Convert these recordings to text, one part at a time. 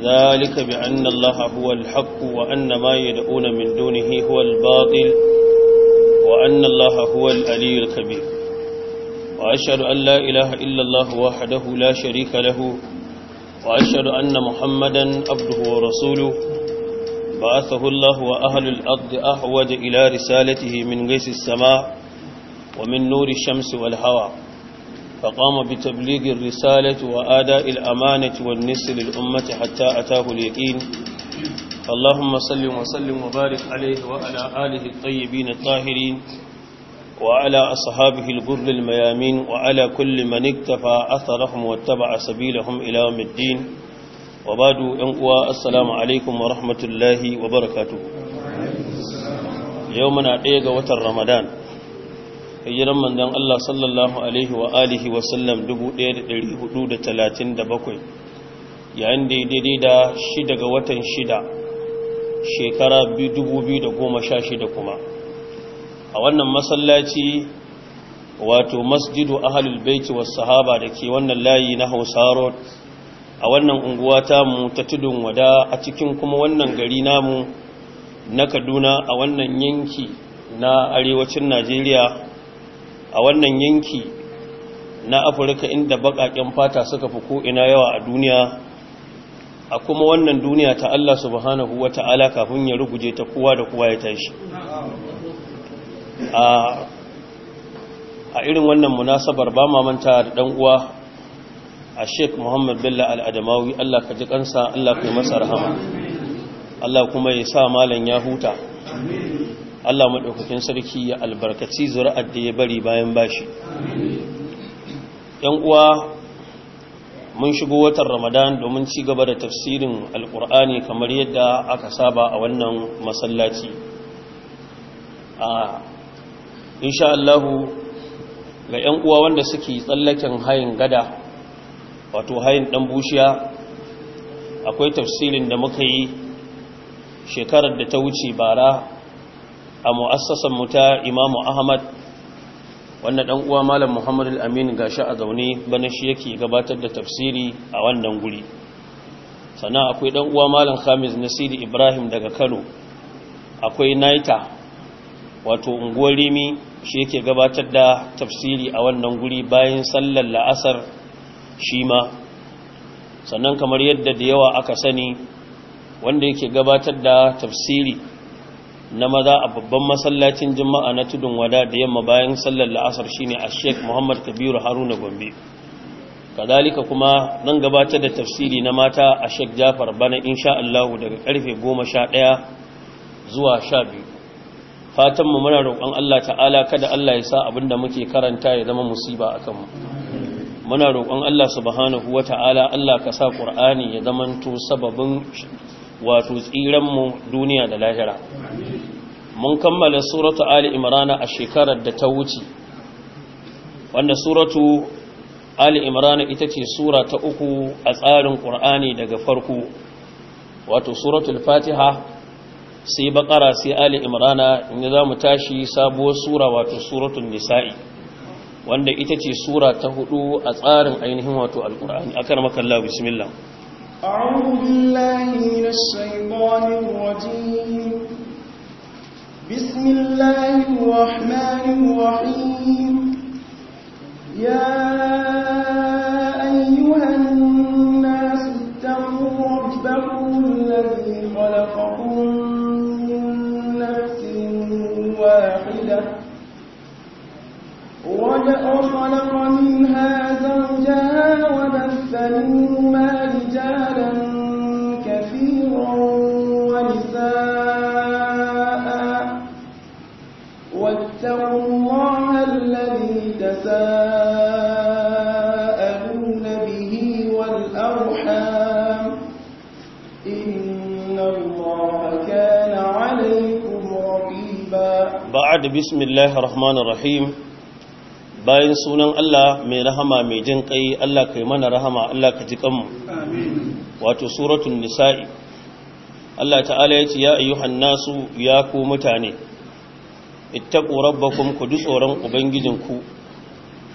ذلك بأن الله هو الحق وأن ما يدعون من دونه هو الباطل وأن الله هو الألي الكبير وأشهد أن لا إله إلا الله وحده لا شريك له وأشهد أن محمدا عبده ورسوله بعثه الله وأهل الأرض أحوج إلى رسالته من غيث السماء ومن نور الشمس والهواء فقام بتبليغ الرسالة وآداء الأمانة والنس للأمة حتى أتاه اليقين اللهم صل وسلم وبارك عليه وعلى آله الطيبين الطاهرين وعلى أصحابه الغر الميامين وعلى كل من اكتفى أثرهم واتبع سبيلهم إلى يوم الدين وبعد أنقوى السلام عليكم ورحمة الله وبركاته يومنا ديغا وتر رمضان gidan manzon Allah sallallahu alaihi wa alihi wa sallam 1437 yayin da daidai da 6 ga watan shida, shekara 2016 kuma a wannan masallaci wato masjidu ahlul baiti was sahaba dake wannan layi na Hausa road a wannan unguwa mu ta tudun wada a cikin kuma wannan gari namu na kaduna a wannan yanki na arewacin najeriya a wannan yanki na afirka inda baƙaƙen fata suka fi ko'ina yawa a duniya a kuma wannan duniya ta Allah subhanahu wa ta'ala kafin ya ruguje ta kowa da kowa ya tashi a irin wannan munasabar ba mamanta da ɗan uwa a sheik muhammad bello al'adamawi Allah ka ji kansa Allah ka yi masa rahama Allah kuma ya sa malan ya huta Allah maɗaukakin sarki ya albarkaci zuri'ar da ya bari bayan bashi ‘yan uwa mun shigo watan ramadan domin ci gaba da tafsirin alƙur'ani kamar yadda aka saba a wannan masallaci a insha Allahu ga ‘yan uwa wanda suke tsallaken hayin gada wato hayin ɗan bushiya akwai tafsirin da muka yi shekarar da ta wuce bara a mu'assasan mu ta Imam Ahmad wannan dan uwa Malam Muhammad Al-Amin gashi a zaune bana shi yake gabatar da tafsiri a wannan guri sannan akwai dan uwa Malam Khamis Nasiri Ibrahim daga Kano akwai Naita wato unguwar Rimi shi yake gabatar da tafsiri a wannan guri bayan sallar la'asar shi ma sannan kamar yadda da yawa aka sani wanda yake gabatar da tafsiri na maza a babban masallacin juma'a na tudun wada da yamma bayan sallar la'asar shine a Sheikh muhammad kabiru haruna gombe kadalika kuma zan gabatar da tafsiri na mata a shek jafar bana insha allahu daga karfe goma sha ɗaya zuwa sha biyu fatanmu muna roƙon allah ta'ala kada allah ya sa abin da muke karanta ya zama musiba a kanmu muna roƙon allah subhanahu wa ta'ala allah ka sa ƙur'ani ya zamanto sababin wato tsiranmu duniya da lahira mun kammala suratu ali imrana a shekarar da ta wuce wanda suratu ali imrana ita ce sura ta uku a tsarin ƙur'ani daga farko wato suratul fatiha sai bakara sai ali imrana inda za mu tashi sabuwar sura wato suratul nisa'i wanda ita ce sura ta hudu a tsarin ainihin wato alƙur'ani akan makalla bismillah أعوذ بالله من الشيطان rajim بسم الله الرحمن الرحيم يا أيها الناس اتقوا ربكم الذي خلقكم من نفس واحدة وخلق منها زوجها وبث منهما بعد بسم الله الرحمن الرحيم bayan sunan Allah mai rahama mai jin kai Allah kai mana rahama Allah ka ji kanmu wato suratul nisa'i Allah ta'ala ya ce ya ayyuhan nasu ya ku mutane ittaqu rabbakum ku ji tsoron ubangijinku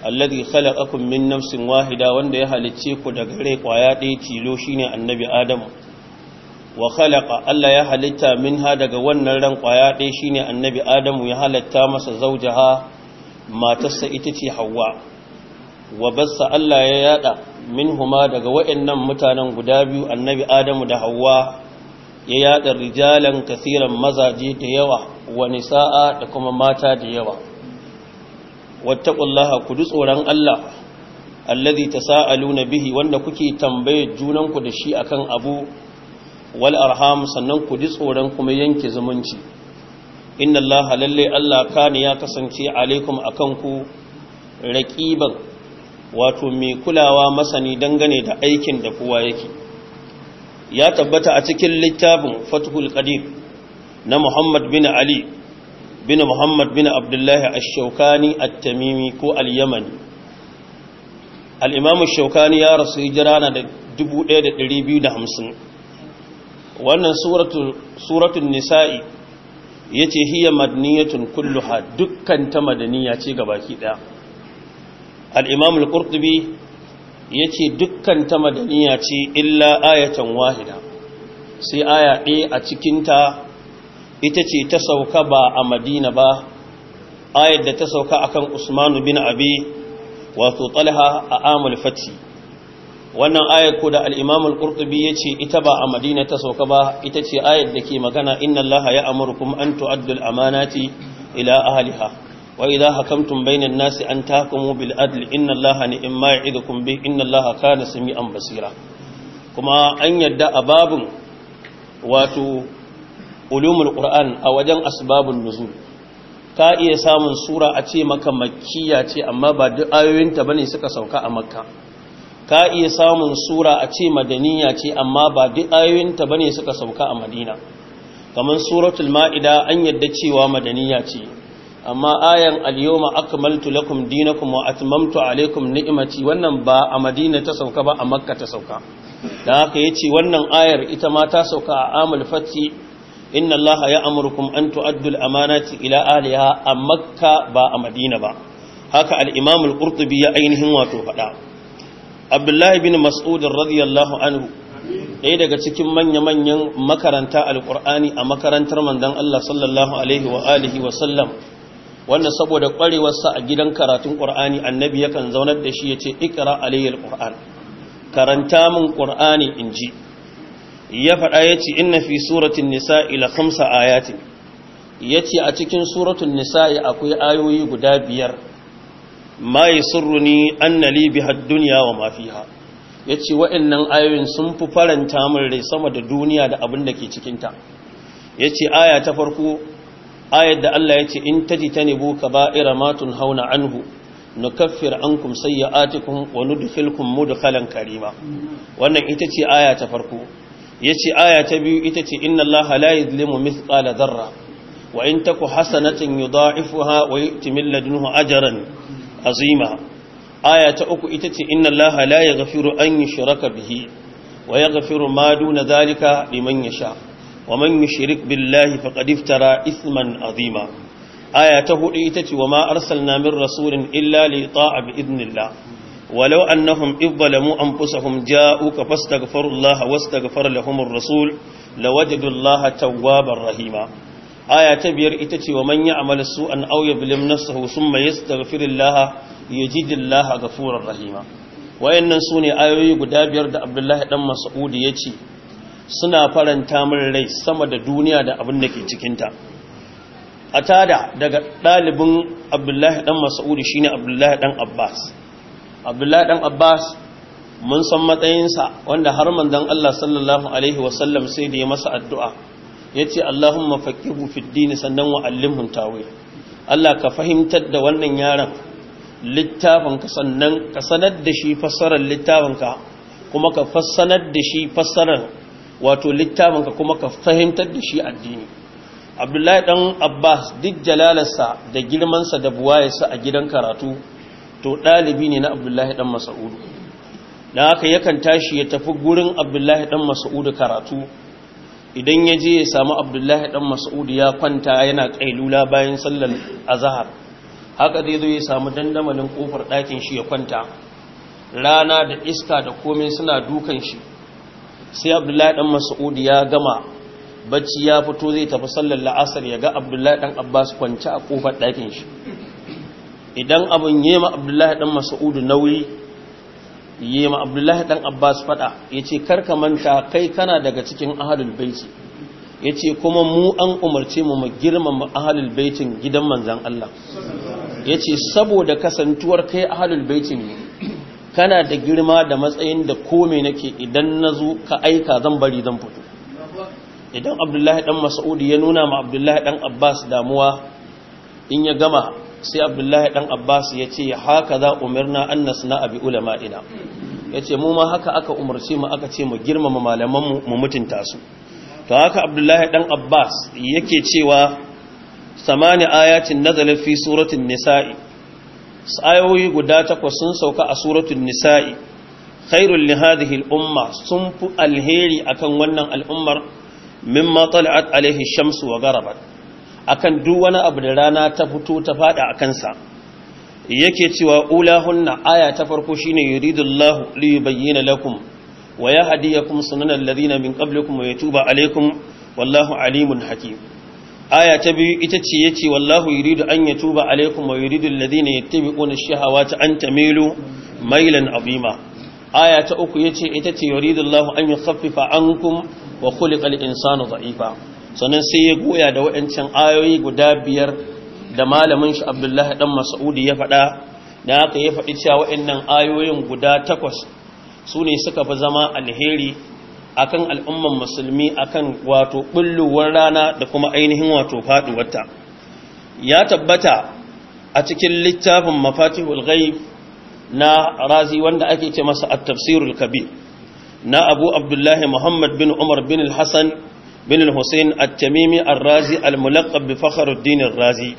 alladhi khalaqakum min nafsin wahida wanda ya halicce ku daga rai kwaya ɗaya tilo shine annabi adamu wa khalaqa Allah ya halitta minha daga wannan ran kwaya ɗaya shine annabi Adamu ya halatta masa zaujaha matarsa ita ce Hawwa wa bassa Allah ya yada minhuma daga wayennan mutanen guda biyu annabi Adamu da Hawwa ya yada rijalan kaseeran mazaje da yawa wa nisaa da kuma mata da yawa wattaqullaha ku ji tsoron Allah alladhi tasaaluna bihi wanda kuke tambayar junanku da shi akan abu wal arham sannan ku ji tsoron kuma yanke zumunci inna allaha lalle allah kana ya kasance alaikum akan ku raqiban wato mai kulawa masani dangane da aikin da kowa yake ya tabbata a cikin littafin fathul qadim na muhammad bin ali bin muhammad bin abdullahi ash-shawkani at-tamimi ko al-yamani al-imam ash-shawkani ya rasu hijira na da 1250 wannan suratun nisa'i ya ce hiya madaniyatun kulluha dukkan ta madaniya ce ga baki ɗaya al'imamul ƙurtubi ya ce dukkan ta madaniya ce illa ayatan wahida sai aya ɗaya a cikinta ita ce ta sauka ba a madina ba ayar da ta sauka akan usmanu bin abi wato talha a amul fati wannan ayar ko da alimamul imam ya ce yace ita ba a madina ta sauka ba ita ce ayar da ke magana inna allaha ya'murukum an tu'addu al-amanati ila ahliha wa idha hakamtum bainan nasi an tahkumu bil adl inna allaha ni'ma ya'idukum bi inna allaha kana sami'an basira kuma an yadda a babun wato ulumul qur'an a wajen asbabun nuzul ka iya samun sura a ce maka makkiya ce amma ba duk ayoyinta bane suka sauka a makka ka iya samun sura a ce madaniya ce amma ba duk ayoyinta ba ne suka sauka a madina kamar suratul ma'ida an yadda cewa madaniya ce amma ayan al-yawma akmaltu lakum dinakum wa atmamtu alaykum ni'mati wannan ba a madina ta sauka ba a makka ta sauka da haka yace wannan ayar ita ma ta sauka a amul fati inna allaha ya'murukum an tu'addu al-amanati ila ahliha a makka ba a madina ba haka al-imam al-qurtubi ya ainihin wato faɗa abdullahi bin mas'udin radiyallahu anhu ɗaya daga cikin manya-manyan makaranta alkur'ani a makarantar mandan Allah sallallahu alaihi wa alihi wa sallam wanda saboda ƙwarewarsa a gidan karatun ƙur'ani annabi yakan zaunar da shi ya ce ikira alayyar Alƙur'an, karanta min ƙur'ani in ji ya faɗa ya ce inna fi suratun nisa ila khamsa ayatin ya ce a cikin suratun nisa'i akwai ayoyi guda biyar ma yasurruni anna li biha ad-dunya wa mafiha Ya ce wa'annan ayoyin sun fi faranta min rai sama da duniya da abin da ke cikinta. Ya ce aya ta farko ayar da Allah ce in tajtanibu kaba'ira ma hauna anhu nukaffir ankum sayyi'atikum wa nudkhilkum mudkhalan karima wannan ita ce aya ta farko ce aya ta biyu ita ce inna allaha la yuzlimu mithqala dharra wa in taku hasanatan yudha'ifuha wa yu'ti min ladunhu ajran azima aya ta uku ita ce inna allaha la yaghfiru an yushraka bihi wa yaghfiru ma duna zalika liman yasha wa man shirik billahi faqad iftara isman azima aya ta hudu ita ce wa ma arsalna min rasulin illa li ta'a bi idnillah ولو أنهم إذ ظلموا أنفسهم جاءوك فاستغفروا الله واستغفر لهم الرسول لوجدوا الله توابا رحيما aya ta biyar ita ce wa man ya'mal su'an aw ya ji thumma laha ga furar rahima wayannan ne ayoyi guda biyar da Abdullahi dan ya ce suna faranta min rai sama da duniya da abin da ke cikinta. A tada daga dalibin Abdullahi dan Mas'ud ne Abdullahi dan Abbas Abdullahi dan Abbas mun san matsayinsa wanda har manzon Allah sallallahu alaihi wasallam sai da ya masa addu'a ya ce Allahumma faqihu fiddini sannan wa allimhu Allah ka fahimtar da wannan yaron littafinka sannan ka sanar da shi fassarar littafinka kuma ka fassanar da shi fassarar wato littafinka kuma ka fahimtar da shi addini abdullahi ɗan abbas duk jalalarsa da girmansa da buwayarsa a gidan karatu to ɗalibi ne na abdullahi ɗan masa'udu na haka yakan tashi ya tafi gurin abdullahi ɗan masa'udu karatu idan ya je ya samu abdullahi dan mas'ud ya kwanta yana kailula bayan sallar azhar haka zai zo ya samu dandamalin kofar ɗakin shi ya kwanta rana da iska da komai suna dukan shi sai abdullahi dan mas'ud ya gama bacci ya fito zai tafi sallar la'asar ya ga abdullahi dan abbas kwance a kofar ɗakin shi idan abin ma abdullahi dan mas'ud nauyi yi ma abdullahi dan abbas fada ya ce karka manta kai kana daga cikin ahalul baiti ya ce kuma mu an umarce mu mu girmama ahalul baitin gidan manzan Allah ya ce saboda kasantuwar kai ahalul baitin ne kana da girma da matsayin da kome nake idan na zo ka aika zan bari zan fito idan abdullahi dan mas'udi ya nuna ma abdullahi dan abbas damuwa in ya gama sai abdullahi dan abbas ya ce haka za umarna an nasna abi ulama'ina ya ce mu ma haka aka umarci mu aka ce mu girmama malamanmu mu mutunta su to haka abdullahi dan abbas yake cewa samani ayatin nazala fi suratin nisa'i ayoyi guda takwas sun sauka a suratul nisa'i khairul li hadhihi al-umma sun fi alheri akan wannan al'ummar mimma tal'at alaihi shamsu wa garabat akan duk wani abu da rana ta fito ta fada a kansa yake cewa ulahunna aya ta farko shine yuridullahu li yubayyana lakum wa yahdiyakum sunanal ladina min qablikum wa yatuba alaykum wallahu alimun hakim aya ta biyu ita ce yace wallahu yuridu an yatuba alaykum wa yuridu alladhina yattabi'una ash-shahawati an tamilu mailan abima.' aya ta uku yace ita ce yuridullahu an yukhaffifa ankum wa khuliqal insanu dha'ifa sannan sai ya goya da waɗancan ayoyi guda biyar da malamin shi abdullahi ɗan masaudi ya faɗa da aka ya faɗi cewa waɗannan ayoyin guda takwas su ne suka fi zama alheri akan al'umman musulmi akan wato ɓulluwar rana da kuma ainihin wato faɗuwarta ya tabbata a cikin littafin mafatihul ghaib na razi wanda ake ce masa at-tafsirul kabir na abu abdullahi muhammad bin umar bin al bin al-Hussein at-Tamimi ar-Razi al-mulaqab razi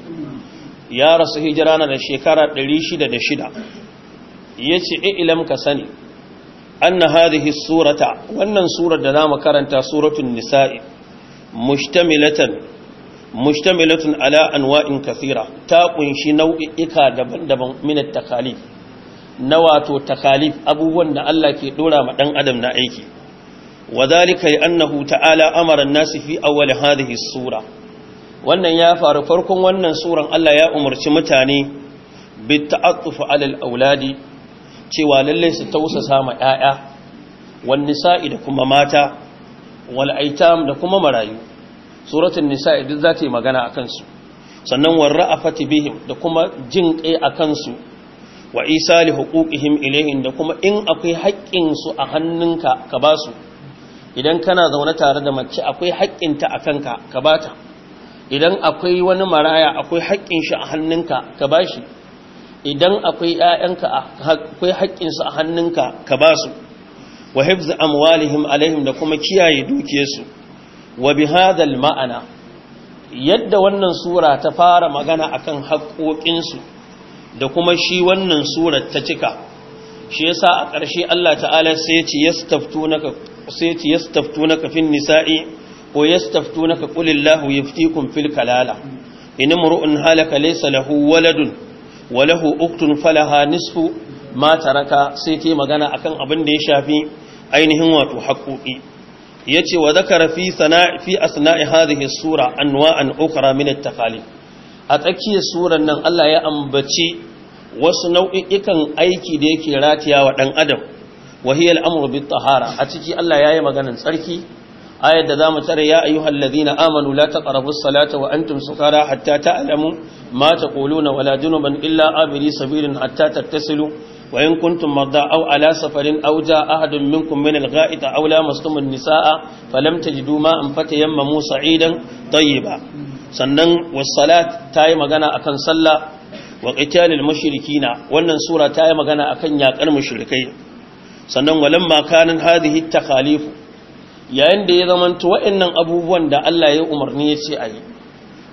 ya rasu shekara ɗari na da shida, ya yace ilam ka sani anna hadhihi surata wannan surar da zamu karanta suratul nisa'i mustamilatan mushtamilatun ala anwa'in kathira ta kunshi nau'i'ika daban-daban min takalif na wato takalif abubuwan da Allah ke ɗora ma ɗan adam na aiki وذلك لأنه تعالى أمر الناس في أول هذه السورة wannan ya faru farkon wannan suran Allah ya umarci mutane bit ta'attuf 'alal auladi cewa lalle su tausasa ma 'ya'ya wan nisa'i da kuma mata wal aitam da kuma marayu suratul nisa'i duk zata yi magana akan su sannan warra'afati bihim da kuma jin kai akan su wa isa li huquqihim ilayhin da kuma in akwai haƙƙin su a hannunka ka basu idan kana zaune tare da mace akwai haƙƙinta a kanka ka ba ta, idan akwai wani maraya akwai haƙƙin shi a hannunka ka ba shi, idan akwai ƴaƴanka akwai haƙƙin su a hannunka ka ba su, wa hifz amwalihim alaihim da kuma kiyaye dukiyarsu wa bihazal ma'ana yadda wannan sura ta fara magana akan su da kuma shi wannan surar ta cika shi yasa a ƙarshe Allah ta'ala sai ya ce yastaftunaka sai ce yastaftunaka fin nisa'i ko yastaftunaka qul illahu yuftikum fil kalala in imru'un halaka laysa lahu waladun walahu uktun falaha nisfu ma taraka sai ce magana akan abin da ya shafi ainihin wato haƙoƙi ce wa zakara fi asna'i hadhihi sura anwa'an ukra min at-taqalid a tsakiyar surar nan Allah ya ambaci wasu nau'ikan aiki da yake ratiya wa ɗan adam wahiyar amur bi tahara a ciki Allah ya yi maganin tsarki ayar da za mu tare ya ayyuhal ladina amanu la taqrabu salata wa antum sukara hatta ta'lamu ma taquluna wala junuban illa abiri sabilin hatta tattasilu wa in kuntum madda aw ala safarin aw jaa minku minkum min al-gha'it aw lamastum an-nisaa falam tajidu ma'an fatayammamu sa'idan tayyiba sannan was ta yi magana akan sallah wa qitalil mushrikina wannan sura ta yi magana akan yaƙar mushrikai sannan walamma kanin hadhihi khalifu yayin da ya zamanto wa'annan abubuwan da Allah ya umarni ya ce a yi.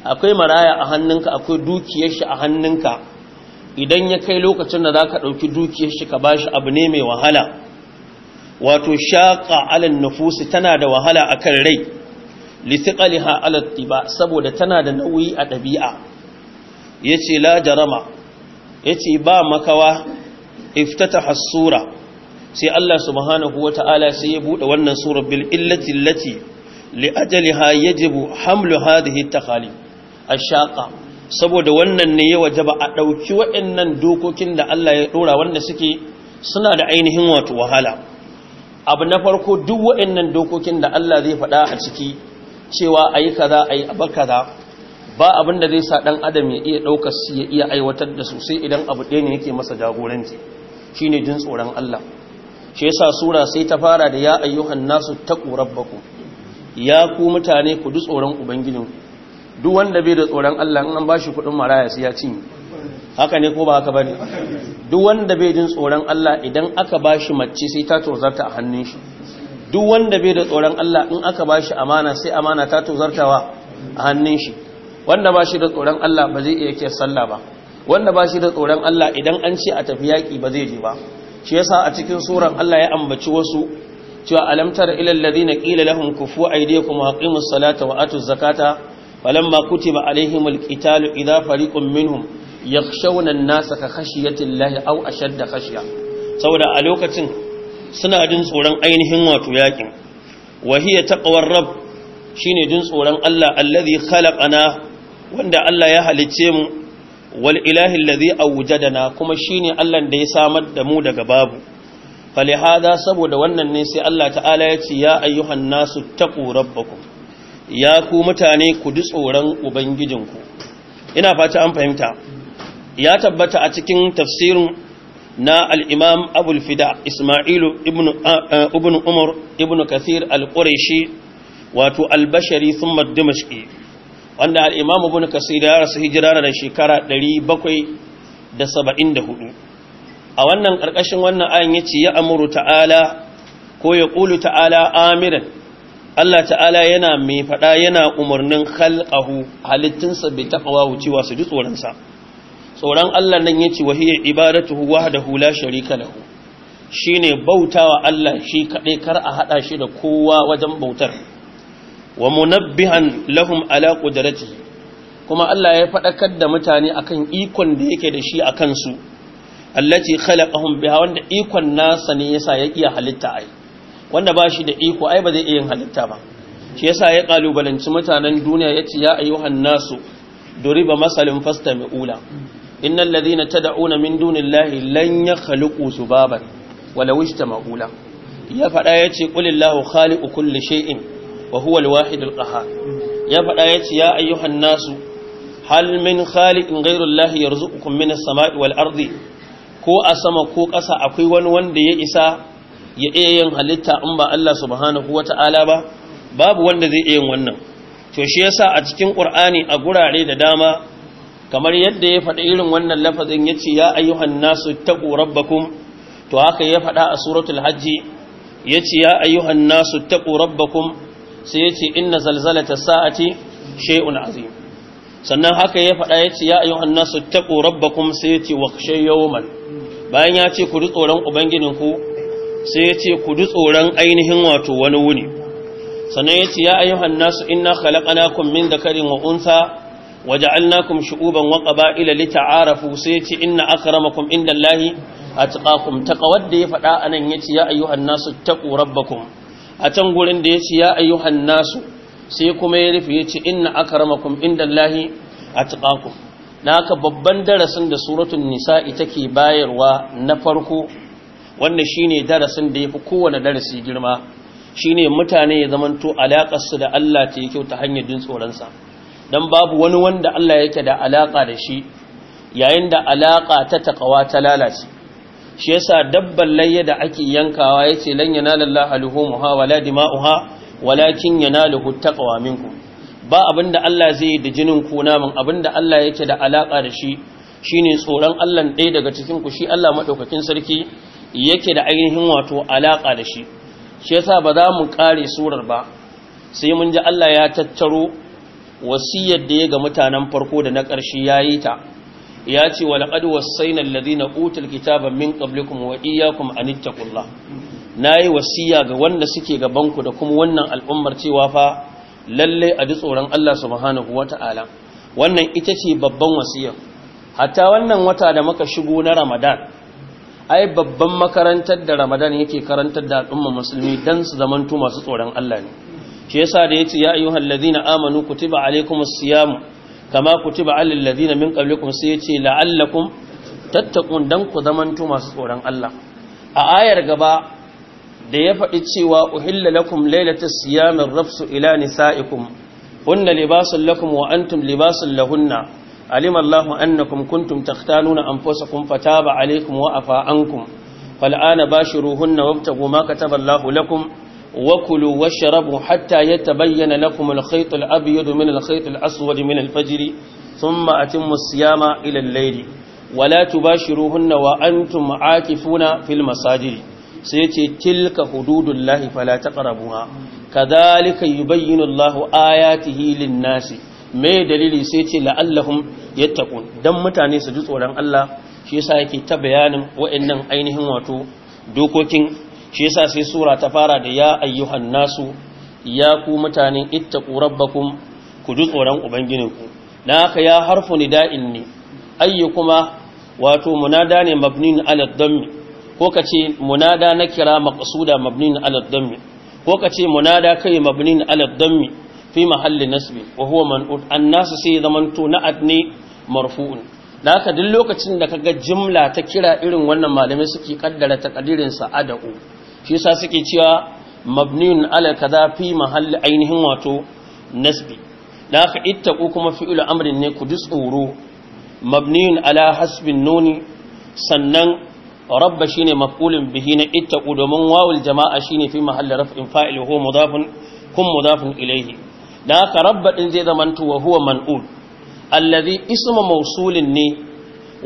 akwai maraya a hannunka akwai dukiyar shi a hannunka idan ya kai lokacin da zaka ɗauki dukiyar shi ka shi abu ne mai wahala wato shaqa alan nufusi tana da wahala akan rai ha ala tiba saboda tana da nauyi a dabi'a yace la jarama yace ba makawa iftataha sura sai Allah subhanahu wata'ala sai ya buɗe wannan surar bil illati allati li ajaliha yajibu hamlu hadhihi takhali ashaqa saboda wannan ne ya wajaba a dauki waɗannan dokokin da Allah ya dora wanda suke suna da ainihin wato wahala abu na farko duk waɗannan dokokin da Allah zai faɗa a ciki cewa ayi kaza ayi abu kaza ba abin da zai sa ɗan adam ya iya ɗaukar ya iya aiwatar da su sai idan abu ɗaya ne yake masa jagoranci shine jin tsoron Allah shi yasa sura sai ta fara da ya ayyuhan nasu taqu rabbakum ya ku mutane ku du tsoron ubangijin duk wanda bai da tsoron Allah in an bashi kudin maraya sai ya cinye haka ne ko ba haka bane duk wanda bai jin tsoron Allah idan aka bashi mace sai ta tozarta a hannun shi duk wanda bai da tsoron Allah in aka bashi amana sai amana ta tozartawa a hannun shi wanda bashi da tsoron Allah ba zai iya kiyar sallah ba wanda bashi da tsoron Allah idan an ce a tafi yaki ba zai je ba shi yasa a cikin suran Allah ya ambaci wasu cewa alamtar ilal na qila lahum kufu aydiyakum wa aqimus salata wa atuz zakata falamma kutiba alaihimul qitalu idha fariqun minhum yakhshawna an-nasa ka khashiyati llahi aw ashadda khashiya saboda a lokacin suna jin tsoron ainihin wato yakin wa hiya taqwar rabb shine jin tsoron Allah allazi khalaqana wanda Allah ya halicce mu wal ilahi da awjadana kuma shine Allah da ya samar da mu daga babu falihada saboda wannan ne sai Allah ta'ala ya ce ya ayyuhan nasu taqu rabbakum ya ku mutane ku ji tsoron ubangijinku ina fata an fahimta ya tabbata a cikin tafsirin na al-imam abul fida isma'ilu ibn umar ibn kathir al-quraishi wato al-bashari thumma dimashqi wanda al'imamu bin kasir ya rasu hijira da shekara 774 a wannan ƙarƙashin wannan ayin ya ce ya amuru ta'ala ko ya ƙulu ta'ala amiran Allah ta'ala yana mai faɗa yana umarnin halƙahu halittinsa bai taɓawa wucewa su ji tsoronsa tsoron Allah nan ya ce wahiyar ibadatu da la sharika lahu ne bautawa Allah shi kaɗai kar a haɗa shi da kowa wajen bautar wa munabbihan lahum ala qudratihi kuma Allah ya faɗakar da mutane akan ikon da yake da shi a kansu allati khalaqahum biha wanda ikon nasa ne yasa ya iya halitta ai wanda ba shi da iko ai ba zai iya halitta ba shi yasa ya kalubalanci mutanen duniya yace ya ayyuhan nasu duriba masalin fastami'ula innal ladina tad'una min dunillahi lan yakhluqu subaban walau ishtama'ula ya faɗa yace qulillahu khaliqu kulli shay'in wa huwa al-wahid al-qahhar ya faɗa yace ya ayyuhan nasu hal min khaliqin ghayru Allah yarzuqukum min as-sama'i wal ardi ko a sama ko ƙasa akwai wani wanda ya isa ya iya yin halitta in ba Allah subhanahu wata'ala ba babu wanda zai iya yin wannan to shi yasa a cikin Qur'ani a gurare da dama kamar yadda ya faɗa irin wannan lafazin ya ya ayyuhan nasu taɓu rabbakum to haka ya faɗa a suratul hajji ya ce ya ayyuhan nasu taɓu rabbakum sai ya ce inna zalzalata sa'ati shay'un azim sannan haka ya faɗa ya ce ya su taɓo taqu rabbakum sai ya ce wakhshay yawman bayan ya ce ku ji tsoron ubangijinku sai ya ce ku ji tsoron ainihin wato wani wuni sannan ya ce ya ayyuhan nasu inna khalaqnakum min dhakarin wa untha وجعلناكم شعوبا وقبائل لتعارفوا سيتي إن أكرمكم عند الله أتقاكم تقود فدا ya يتي يا su الناس rabba ربكم a can gurin da ya ce ya ayyuhan nasu sai kuma ya rufe ya ce inna akramakum indallahi atqakum na haka babban darasin da suratun nisa'i take bayarwa na farko wanda shine darasin da ya fi kowane darasi girma shine mutane ya zamanto alaƙarsu su da Allah ta yi kyau ta hanyar jin tsoronsa, don babu wani wanda Allah yake da alaƙa da shi yayin da alaƙa ta taƙawa ta lalace shi yasa dabban layya da ake yankawa yace lan yanalallaha luhumuha wala dima'uha walakin yanaluhu taqwa minkum ba abinda Allah zai yi da jinin ku namun abinda Allah yake da alaka da shi shine tsoron Allah ɗaya daga cikin ku shi Allah madaukakin sarki yake da ainihin wato alaka da shi shi yasa ba za mu kare surar ba sai mun ji Allah ya tattaro wasiyar da ya ga mutanen farko da na ƙarshe yayi ta ya ce wa laqad wasaina alladhina ƙutar kitaba min ƙablikun wa iyyakum ƙulla na nayi wasiya ga wanda suke gaban ku da kuma wannan al'ummar cewa fa lallai a ji tsoron Allah subhanahu Ta'ala. wannan ita ce babban wasiya Hata wannan wata da muka shigo na Ramadan ai babban makarantar da Ramadan yake karantar da al'ummar musulmi dan su zamantu masu tsoron Allah ne shi yasa da yace ya Ladina amanu kutiba alaikumus siyamu kama kutiba alal ladina min qablikum sai yace la'allakum tattaqun dan ku zamantu masu tsoron Allah a ayar gaba da ya faɗi cewa uhilla lakum lailatas siyamir rafsu ila nisaikum hunna libasun lakum wa antum libasun lahunna alima Allahu annakum kuntum takhtanuna anfusakum fataba alaykum wa afa ankum fal'ana bashiruhunna wabtagu ma kataba Allahu lakum وكلوا واشربوا حتى يتبين لكم الخيط الأبيض من الخيط الأسود من الفجر ثم أتموا الصيام إلى الليل ولا تباشروهن وأنتم عاكفون في المساجد سيتي تلك حدود الله فلا تقربوها كذلك يبين الله آياته للناس mai dalili sai ce la'allahum yattaqun dan mutane su ji tsoron Allah shi yasa yake ta bayanin waɗannan ainihin wato dokokin shi yasa sai sura ta fara da ya ayyuhan nasu ya ku mutanen ittaqu rabbakum ku ji tsoron ku dan haka ya harfu nida'in ne ayyu kuma wato munada ne mabnin ala dhammi ko kace munada na kira maqsuda mabnin ala dhammi ko kace munada kai mabnin ala dhammi fi mahalli nasbi wa huwa man'ut an nasu sai zamanto na'at ne marfu'un dan haka duk lokacin da kaga jimla ta kira irin wannan malamai suke kaddara takadirin sa'adu shi suke cewa mabniun ala kaza fi mahalli ainihin wato nasbi da aka ittaqu kuma fi'lu amrin ne ku ji tsoro mabniun ala hasbin nuni sannan rabba shine maf'ulun bihi na ittaqu domin wawul jama'a shine fi mahalli raf'in fa'il huwa mudafun kun mudafun ilayhi da aka rabba din zai zamanto wa huwa man'ul alladhi ismu mawsulin ne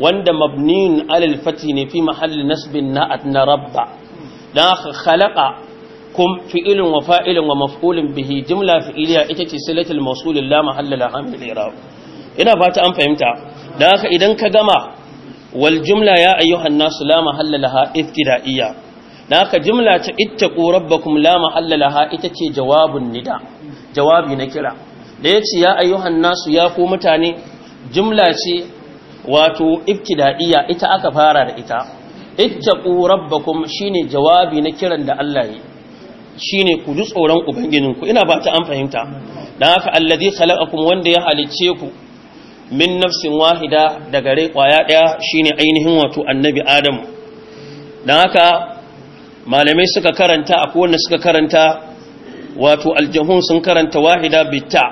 wanda mabniun ala al-fati ne fi mahalli nasbin na rabba dan khalaqa kum fi'ilun wa fa'ilun wa maf'ulun bihi jumla fi'iliya ita ce silatul mawsulin la mahalla laha min al-i'rab ina fata an fahimta dan haka idan ka gama wal jumla ya ayyuhan nas la mahalla laha ibtida'iyya dan haka jumla ta ittaqu rabbakum la mahalla laha ita ce jawabun nida jawabi na kira da yace ya ayyuhan nas ya ku mutane jumla ce wato ibtida'iyya ita aka fara da ita ittaqu rabbakum shine jawabi na kiran da Allah ne. shine ku ji tsoron ku. ina ba ta an fahimta dan haka allazi khalaqakum wanda ya halice ku min nafsin wahida daga rai kwaya daya shine ainihin wato annabi adam dan haka malamai suka karanta akwai wanda suka karanta wato aljahun sun karanta wahida bitta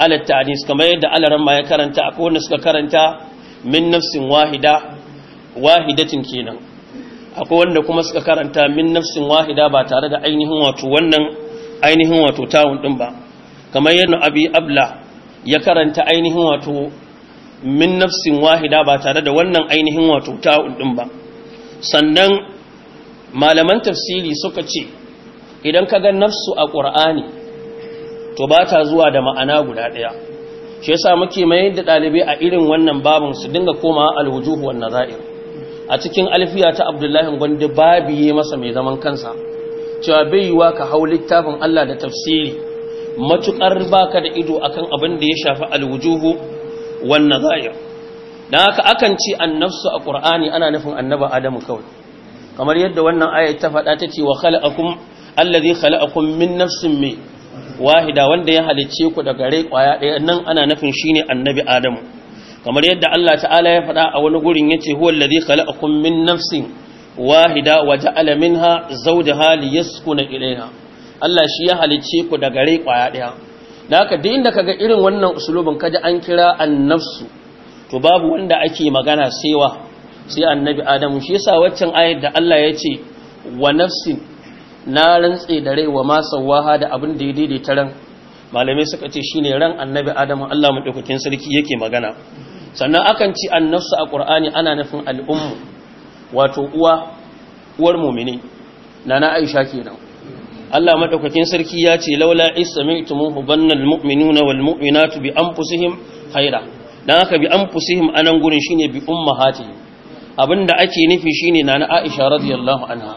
ala ta'dis kamar yadda alaran ma ya karanta akwai wanda suka karanta min nafsin wahida wahidatin kenan akwai wanda kuma suka karanta min nafsin wahida ba tare da ainihin wato wannan ainihin wato tawun din ba kamar yadda abi abla ya karanta ainihin wato min nafsin wahida ba tare da wannan ainihin wato tawun din ba sannan malaman tafsiri suka ce idan ka ga nafsu a ƙur'ani to ba ta zuwa da ma'ana guda ɗaya shi yasa muke mai da ɗalibai a irin wannan babin su dinga komawa alwujuhu wan nazair a cikin alfiya ta abdullahi gwandi babu yi masa mai zaman kansa cewa bai yiwa ka hau littafin Allah da tafsiri matukar baka da ido akan abin da ya shafi alwujuhu wannan zayar dan haka akan ci annabsu a ƙur'ani ana nufin annaba adamu kawai kamar yadda wannan aya ta faɗa ta ce wa zai allazi khalaqakum min nafsin mai wahida wanda ya halicce ku daga rai kwaya ɗaya nan ana nufin shine annabi adamu kamar yadda Allah ta'ala ya faɗa a wani gurin yace huwal ladhi khalaqakum min nafsin wahida wa ja'ala minha zawjaha liyaskuna ilayha Allah shi ya halice ku daga rai kwaya daya da haka duk inda kaga irin wannan usulubin kaji an kira annafsu to babu wanda ake magana sewa sai annabi adamu shi yasa waccan ayar da Allah ya ce wa nafsin na rantse da rai wa ma sawaha da abin da ya daidaita ran malamai suka ce shine ran annabi adamu Allah mu madaukakin sarki yake magana sannan akan ci annafsu a ƙur'ani ana nufin al'ummu wato uwa uwar mumini na aisha kenan Allah madaukakin sarki ya ce laula isma'tumuhu bannal mu'minuna wal walmum'inatu bi anfusihim khaira dan aka bi anfusihim anan gurin shine bi ummahati abinda ake nufi shine nana aisha radiyallahu anha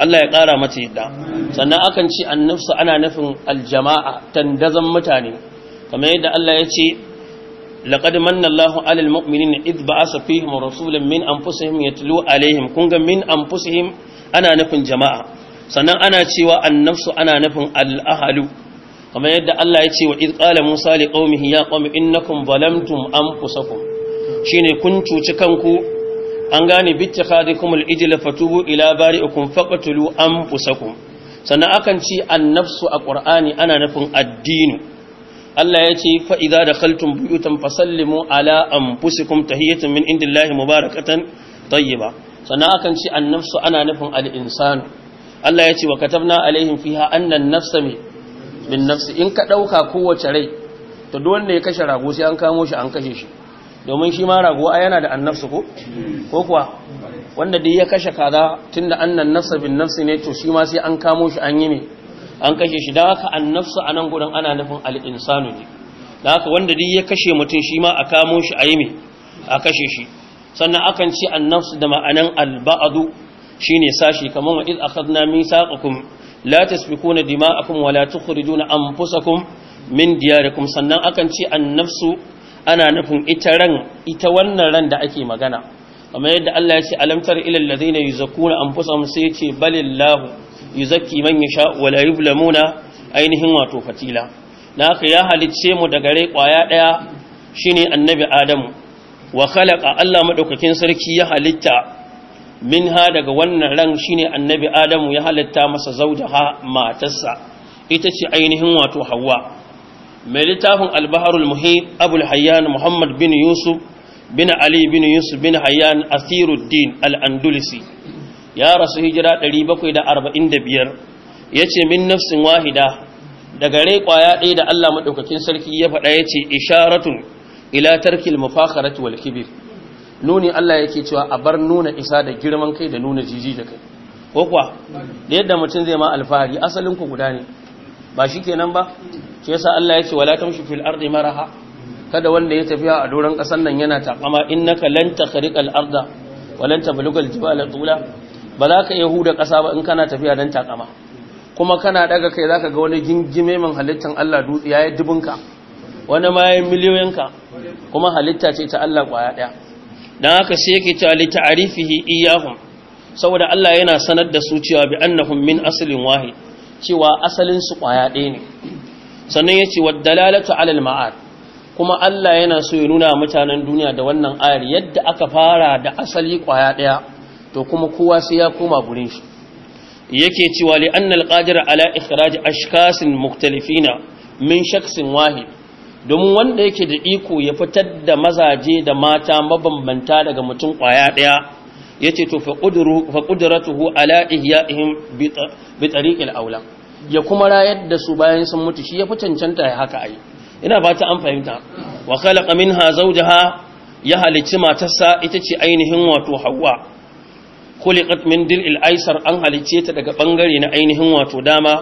Allah ya ƙara mata yadda sannan akan ci annafsu ana nufin aljama'a tandazan mutane kamar yadda Allah ya ce laqad manna Allahu 'alal mu'minina id ba'asa fihim rasulan min anfusihim yatlu 'alaihim kun ga min anfusihim ana nufin jama'a sannan ana cewa annafsu ana nufin al kamar yadda Allah ya ce wa id qala Musa li qaumihi ya qaumi an zalamtum Shi shine kun cuci kanku an gane bittikhadikum al-ijla fatubu ila bari'ikum an anfusakum sannan akan ci annafsu a ƙur'ani ana nufin addinu Allah ya ce fa da khaltun buyutan fasallimu ala anfusikum tahiyyatun min indillahi mubarakatan ba sannan akan ce nafsu ana nufin al’insan Allah ya ce wa katabna alaihim fiha anna an-nafsa bin nafsi in ka ɗauka kowace rai to duk wanda ya kashe rago sai an kamo shi an kashe shi domin shi ma rago a yana da an nafsu ko ko kuwa wanda dai ya kashe kaza tunda annan nafsa bin nafsi ne to shi ma sai an kamo shi an yi ne an kashe shi da haka annafsu a nan gudan ana nufin al'insanu ne da haka wanda duk ya kashe mutum shi ma a kamo shi a yi mai a kashe shi sannan akan ce annafsu da ma'anan alba'adu shi ne sashi kamar wa'iz a kazna min saƙakun la tasbikuna dima'akum wa la tukhrijuna anfusakum min diyarikum sannan akan ce annafsu ana nufin ita ran ita wannan ran da ake magana kamar yadda Allah ya ce alamtar ilal ladina yuzakuna anfusahum sai ce balillahu yuzakki man yasha wa la yuzlamuna ainihin wato fatila na haka ya halicce mu daga rai kwaya daya shine annabi adamu wa khalaqa Allah madaukakin sarki ya halitta minha daga wannan ran shine annabi adamu ya halitta masa ha matarsa ita ce ainihin wato Hauwa. mai littafin albaharul muhim abul hayyan muhammad bin yusuf bin ali bin yusuf bin hayyan asiruddin al-andalusi ya rasu hijira 745 yace min nafsin wahida daga rai kwaya ɗaya da Allah maɗaukakin sarki ya faɗa yace isharatun ila tarkil mufakharati wal kibir nuni Allah yake cewa a bar nuna isa da girman kai da nuna jiji da kai ko kuwa da yadda mutum zai ma alfahari asalin ku guda ne ba shi kenan ba shi yasa Allah ce wala tamshi fil ardi maraha kada wanda ya tafiya a doron ƙasar nan yana takama innaka lan takhriqal arda walan tablugal jibala tula ba za ka iya huda ƙasa ba in kana tafiya don takama kuma kana daga kai za ka ga wani gingime min halittar Allah dutse ya yi dubinka wani ma ya yi miliyoyinka kuma halitta ce ta Allah ƙwaya ɗaya don haka sai yake cewa li ta'arifihi saboda Allah yana sanar da su cewa bi annahum min asalin wahi cewa asalin su kwaya ɗaya ne sannan ya ce wa dalalatu alal ma'ad kuma Allah yana so ya nuna mutanen duniya da wannan ayar yadda aka fara da asali kwaya ɗaya to kuma kowa sai ya koma gurin shi yake cewa li annal qadir ala ikhraj ashkasin mukhtalifina min shaksin wahid domin wanda yake da iko ya fitar da mazaje da mata mabambanta daga mutum kwaya daya yace to fa qudratuhu ala ihya'ihim bi tariqil aula ya kuma rayar da su bayan sun mutu shi ya fi cancanta ya haka ai ina ba ta an fahimta wa khalaqa minha zawjaha ya halicci matarsa ita ce ainihin wato hawwa khuliqat min dil'il aisar an halice ta daga bangare na ainihin wato dama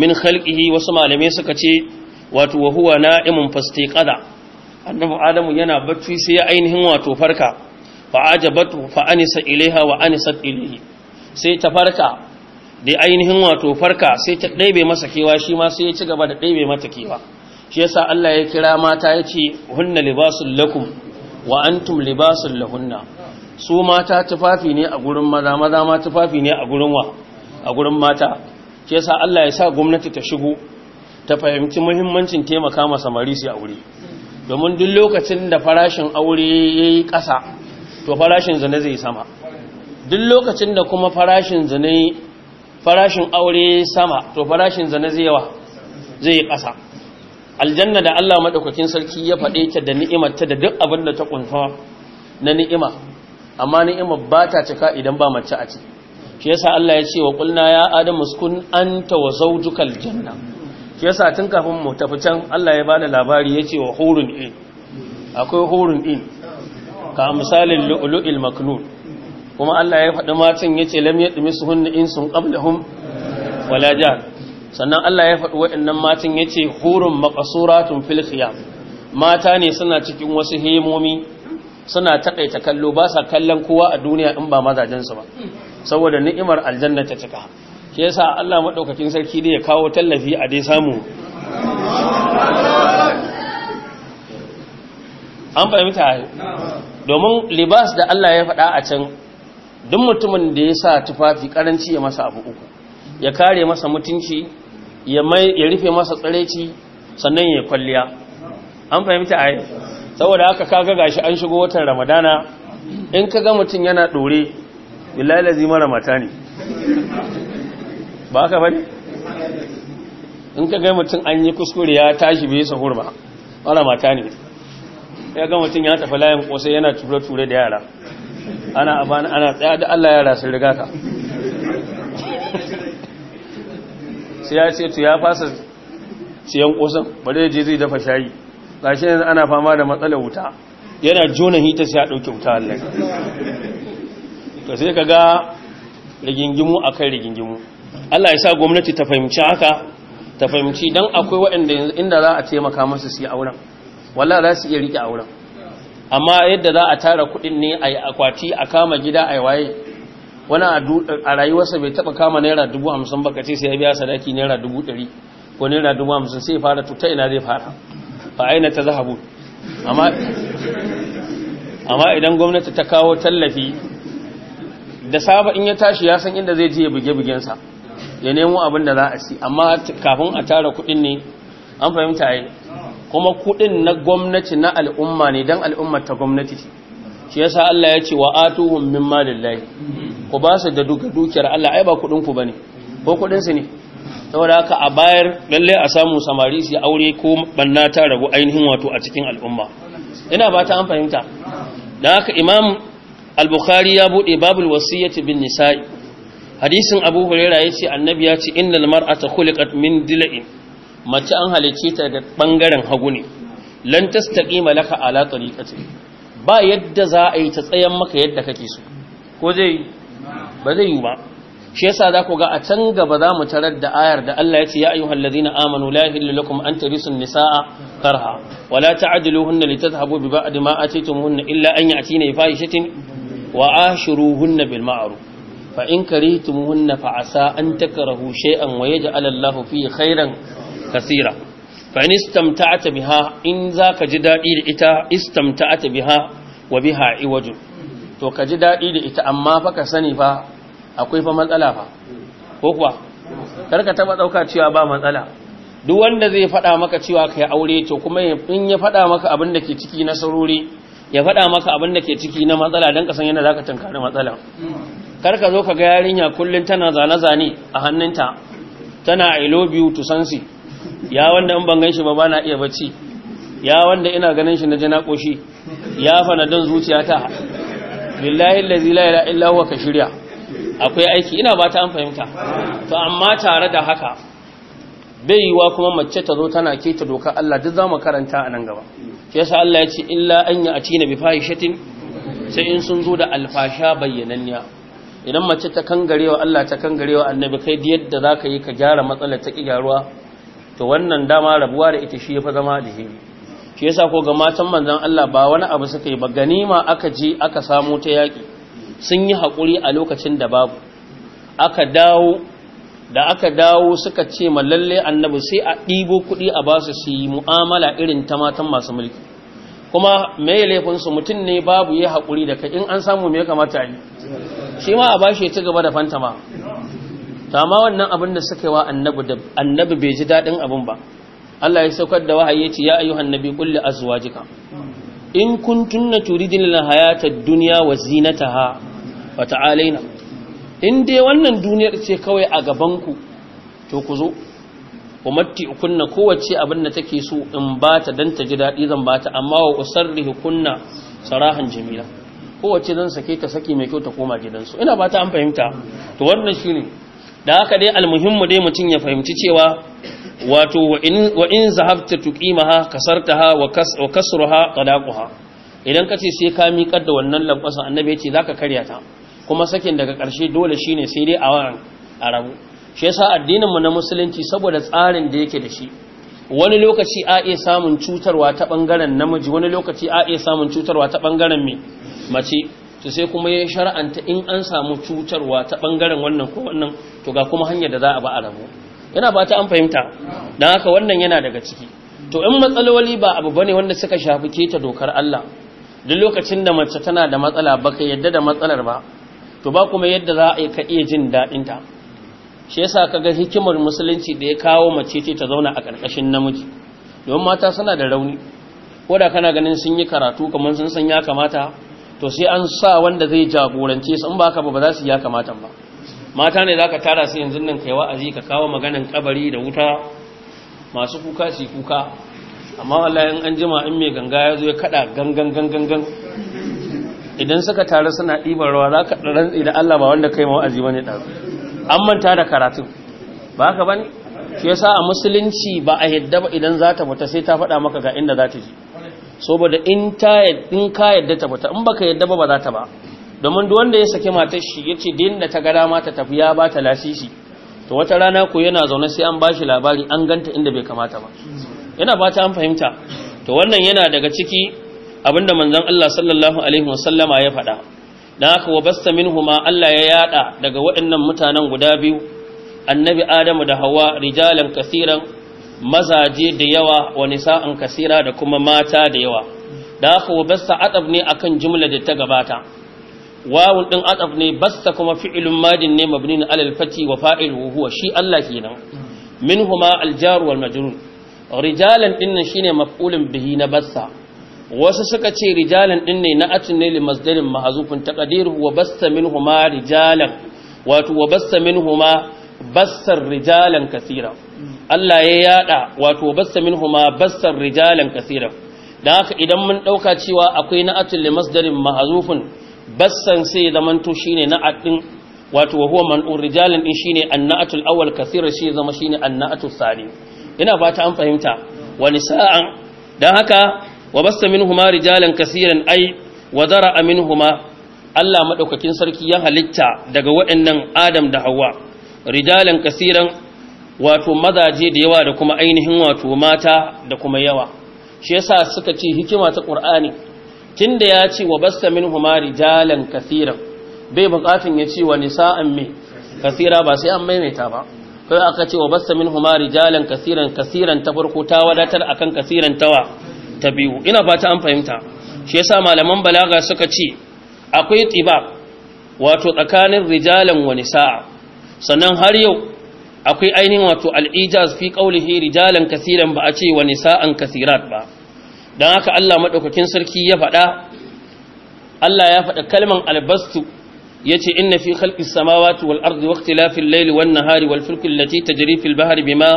min khalqihi wasu malamai suka ce wato wa huwa na'imun fastiqada annabi adamu yana bacci sai ya ainihin wato farka fa ajabatu fa anisa ilaiha wa anisat sai ta farka da ainihin wato farka sai ta ɗaibe masa kewa shi ma sai ya ci gaba da ɗaibe mata kewa shi yasa Allah ya kira mata ya ce hunna libasul lakum wa antum libasul lahunna su mata tufafi ne a gurin maza maza ma tufafi ne a gurin wa a gurin mata Ke sa Allah ya sa gwamnati ta shigo ta fahimci muhimmancin taimaka ma samari su aure domin duk lokacin da farashin aure yayi ƙasa to farashin zane zai sama duk lokacin da kuma farashin zane farashin aure sama to farashin zane zai yawa zai yi ƙasa aljanna da Allah madaukakin sarki ya faɗe ta da ni'imar ta da duk abin da ta kunfa na ni'ima amma ni'ima ba ta cika idan ba mace a ciki shi yasa Allah ya ce wa kulna ya adamu sukun anta wa zawjukal janna shi yasa tun kafin mu tafi can Allah ya bada labari yace wa hurun in akwai hurun in ka misalin lu'lu'il maknun kuma Allah ya faɗi matan yace lam in sun qablahum wala ja. sannan Allah ya faɗi waɗannan matan yace hurun maqsuratun fil khiyam mata ne suna cikin wasu himomi suna taƙaita kallo ba sa kallon kowa a duniya in ba mazajensu ba saboda ni'imar aljanna ta cika shi yasa Allah madaukakin sarki ne ya kawo tallafi a dai samu an fahimta domin libas da Allah ya faɗa a can duk mutumin da ya sa tufafi karanci ya masa abu uku ya kare masa mutunci ya rufe masa tsareci sannan ya kwalliya an fahimta a saboda haka kaga gashi an shigo watan ramadana in ka ga mutum yana dore billahi lazima ramata ne ba ka bane in ka ga mutum an yi kuskure ya tashi bai sahur ba wala mata ne ya ga mutum ya tafi layin kosai yana ture-ture da yara ana abana ana tsaya da Allah yara sun riga ka sai ya ce to ya fasa siyan kosan bare je zai dafa shayi gashi yanzu ana fama da matsalar wuta yana jona hita sai a dauki wuta Allah to sai ga rigingimu akan rigingimu Allah ya sa gwamnati ta fahimci haka ta fahimci dan akwai waɗanda yanzu inda za a taimaka musu su yi auren wallahi za su iya rike auren amma yadda za a tara kuɗin ne a yi akwati a kama gida a yi waye wani a rayuwarsa bai taɓa kama naira dubu hamsin baka ce sai ya biya sadaki naira dubu ɗari ko naira dubu hamsin sai fara tuta ina zai fara a aina ta zahabu amma idan gwamnati ta kawo tallafi da saba in ya tashi ya san inda zai je ya buge-bugensa ya nemo abin da za a ci amma kafin a tara kudin ne an fahimta yi kuma kudin na gwamnati na al'umma ne don al'ummar ta gwamnati ce shi yasa Allah ya ce wa atuhum min malillahi ku ba su da dukiyar Allah ai ba kudin ku bane ko kudin su ne saboda haka a bayar lalle a samu samari su aure ko banna ta ragu ainihin wato a cikin al'umma ina ba ta an fahimta don haka imam al-bukhari ya buɗe babul wasiyyati bin nisa'i hadisin abu huraira ya ce annabi ya ce innal mar'ata khuliqat min dila'in mace an halicce ta daga bangaren hagu ne lan tastaqima laka ala tariqati ba yadda za a yi ta tsayan maka yadda kake so ko zai ba zai yi ba shi yasa za ku ga a can gaba za mu tarar da ayar da Allah ya ce ya ayyuhal ladina amanu la yahillu lakum an tarisun nisaa karha wala ta'diluhunna litadhhabu bi ba'd ma atitumuhunna illa an ya'tina fahishatin wa ashiruhunna bil ma'ruf fa in karihtumuhunna fa asa an takrahu shay'an wa yaj'al Allahu fihi khairan kaseera fa in istamta'ta biha in ka ji dadi da ita istamta'ta biha wa biha iwaju to ka ji dadi da ita amma fa ka sani fa akwai fa matsala fa ko kuwa karka taba dauka cewa ba matsala duk wanda zai fada maka cewa kai aure to kuma in ya fada maka abin da ke ciki na sarori ya fada maka abin da ke ciki na matsala dan kasan yana zaka tunkari matsala karka zo ka ga yarinya kullun tana zane zane a hannunta tana i love you to sansi ya wanda in ban ganshi ba bana iya bacci ya wanda ina ganin shi na na koshi ya na dan zuciyata billahi allazi la ilaha illa huwa ka shirya akwai aiki ina ba ta an fahimta to amma tare da haka bai yiwa kuma mace ta zo tana keta doka Allah duk zamu karanta a nan gaba shi yasa Allah ya ce illa an ya atina bi fahishatin sai in sun zo da alfasha bayyananniya idan mace ta kangarewa Allah ta kangarewa annabi kai da yadda za ka yi ka gyara matsalar ta ki gyaruwa to wannan dama rabuwa da ita shi yafi zama da shi shi yasa ko ga matan manzon Allah ba wani abu suka yi ba ganima aka je aka samu ta yaki sun yi haƙuri a lokacin da babu aka dawo da aka dawo suka ce ma lalle annabi sai a ɗibo kuɗi a ba su su yi mu'amala irin ta matan masu mulki kuma mai laifinsu mutum ne babu ya haƙuri da kai in an samu mai kamata yi shi ma a ba shi ci gaba da fantama ta ma wannan abin da suka yi wa annabi bai ji daɗin abin ba Allah ya saukar da wahayi ya ce ya ayyuhan nabi kulli azwajika in kuntunna turidin lil hayatad dunya wa zinataha fata'alaina in dai wannan duniyar ce kawai a gabanku to ku zo umatti kunna kowace abin da take so in ba ta dan ta ji daɗi zan ba ta amma wa usarrihu kunna sarahan jamila kowace zan sake ta saki mai kyau ta koma gidansu ina ba ta an fahimta to wannan shine da haka dai almuhimmu dai mutum ya fahimci cewa wato wa in zahabta tuqimaha kasartaha wa kasruha qadaquha idan kace sai ka miƙar da wannan lankwasa annabi ya ce zaka karya ta kuma sakin daga ƙarshe dole shine sai dai a rabu shi yasa addinin mu na musulunci saboda tsarin da yake da shi wani lokaci a iya samun cutarwa ta bangaren namiji wani lokaci a iya samun cutarwa ta bangaren me mace to sai kuma ya shar'anta in an samu cutarwa ta bangaren wannan ko wannan to ga kuma hanyar da za a ba a rabu yana ba ta an fahimta don haka wannan yana daga ciki to in matsaloli ba abu bane wanda suka shafi keta dokar Allah duk lokacin da mace tana da matsala baka yadda da matsalar ba to ba kuma yadda za a yi ka iya jin daɗinta shi yasa ka ga hikimar musulunci da ya kawo mace ce ta zauna a ƙarƙashin namiji domin mata suna da rauni ko da kana ganin sun yi karatu kamar sun san ya kamata to sai an sa wanda zai jagorance su in ba ka ba ba za su ya kamata ba mata ne za ka tara su yanzu nan kai wa'azi ka kawo maganan kabari da wuta masu kuka su kuka amma wallahi in an jima in mai ganga ya zo ya kada gangan gangan gangan idan suka taru suna ɗiban ruwa za ka ɗaran idan Allah ba wanda kai ma'azi wani ne an manta da karatun ba ka ba ne shi yasa a musulunci ba a yadda ba idan za ta fita sai ta faɗa maka ga inda za ta ji saboda in ka yadda ta fita in baka yadda ba ba za ta ba domin duk wanda ya saki matar shi ya ce din da ta ga mata ta tafi ya ba ta lasisi to wata rana ko yana zaune sai an ba shi labari an ganta inda bai kamata ba yana ba ta an fahimta to wannan yana daga ciki abinda manzon Allah sallallahu alaihi wasallama ya faɗa dan haka wa basta minhuma Allah ya yada daga waɗannan mutanen guda biyu annabi Adamu da hawa rijalan kasiran mazaje da yawa wa nisa'an kasira da kuma mata da yawa dan haka wa basta atab ne akan jumla da ta gabata wawun din atab ne basta kuma fi'ilun madin ne mabnin alal fati wa fa'iluhu huwa shi Allah kenan minhuma aljar wal majrur rijalan din shine maf'ulun bihi na basta wasu suka ce rijalan din ne na atin ne li masdarin mahazufin taqdiru wa basta minhuma rijalan wato wa basta minhuma bassar rijalan kaseera Allah ya yada wato wa basta minhuma bassar rijalan kaseera dan haka idan mun dauka cewa akwai na atin li masdarin mahazufin bassan sai zamanto shine na atin wato wa huwa man'ur rijalan din shine anna'atul awwal kaseera shi zama shine anna'atul sani ina fata an fahimta wani sa'an dan haka wa منهما رجالا كثيرا kasiran ai wa الله minhuma Allah يا sarki ya halitta daga waɗannan Adam da Hauwa. rijalan kasiran wato mazaje da yawa da kuma ainihin wato mata da kuma yawa shi yasa suka ce hikima ta Qur'ani tunda ya ce wa basta minhuma rijalan kasiran bai bukatun ya ce wa nisa'an me kasira ba sai an maimaita ba kai aka ce wa basta minhuma rijalan kasiran kasiran ta farko ta wadatar akan kasiran tawa ta biyu ina fata an fahimta shi yasa malaman balaga suka ce akwai tibab wato tsakanin rijalan wa nisaa sannan har yau akwai ainihin wato al-ijaz fi qawlihi rijalan kaseeran ba a ce wa nisaan kaseerat ba dan haka Allah madaukakin sarki ya faɗa Allah ya faɗa kalman albastu yace inna fi khalqis samawati wal ardi waqtilafil layli wan nahari wal fulki allati tajri fil bahri bima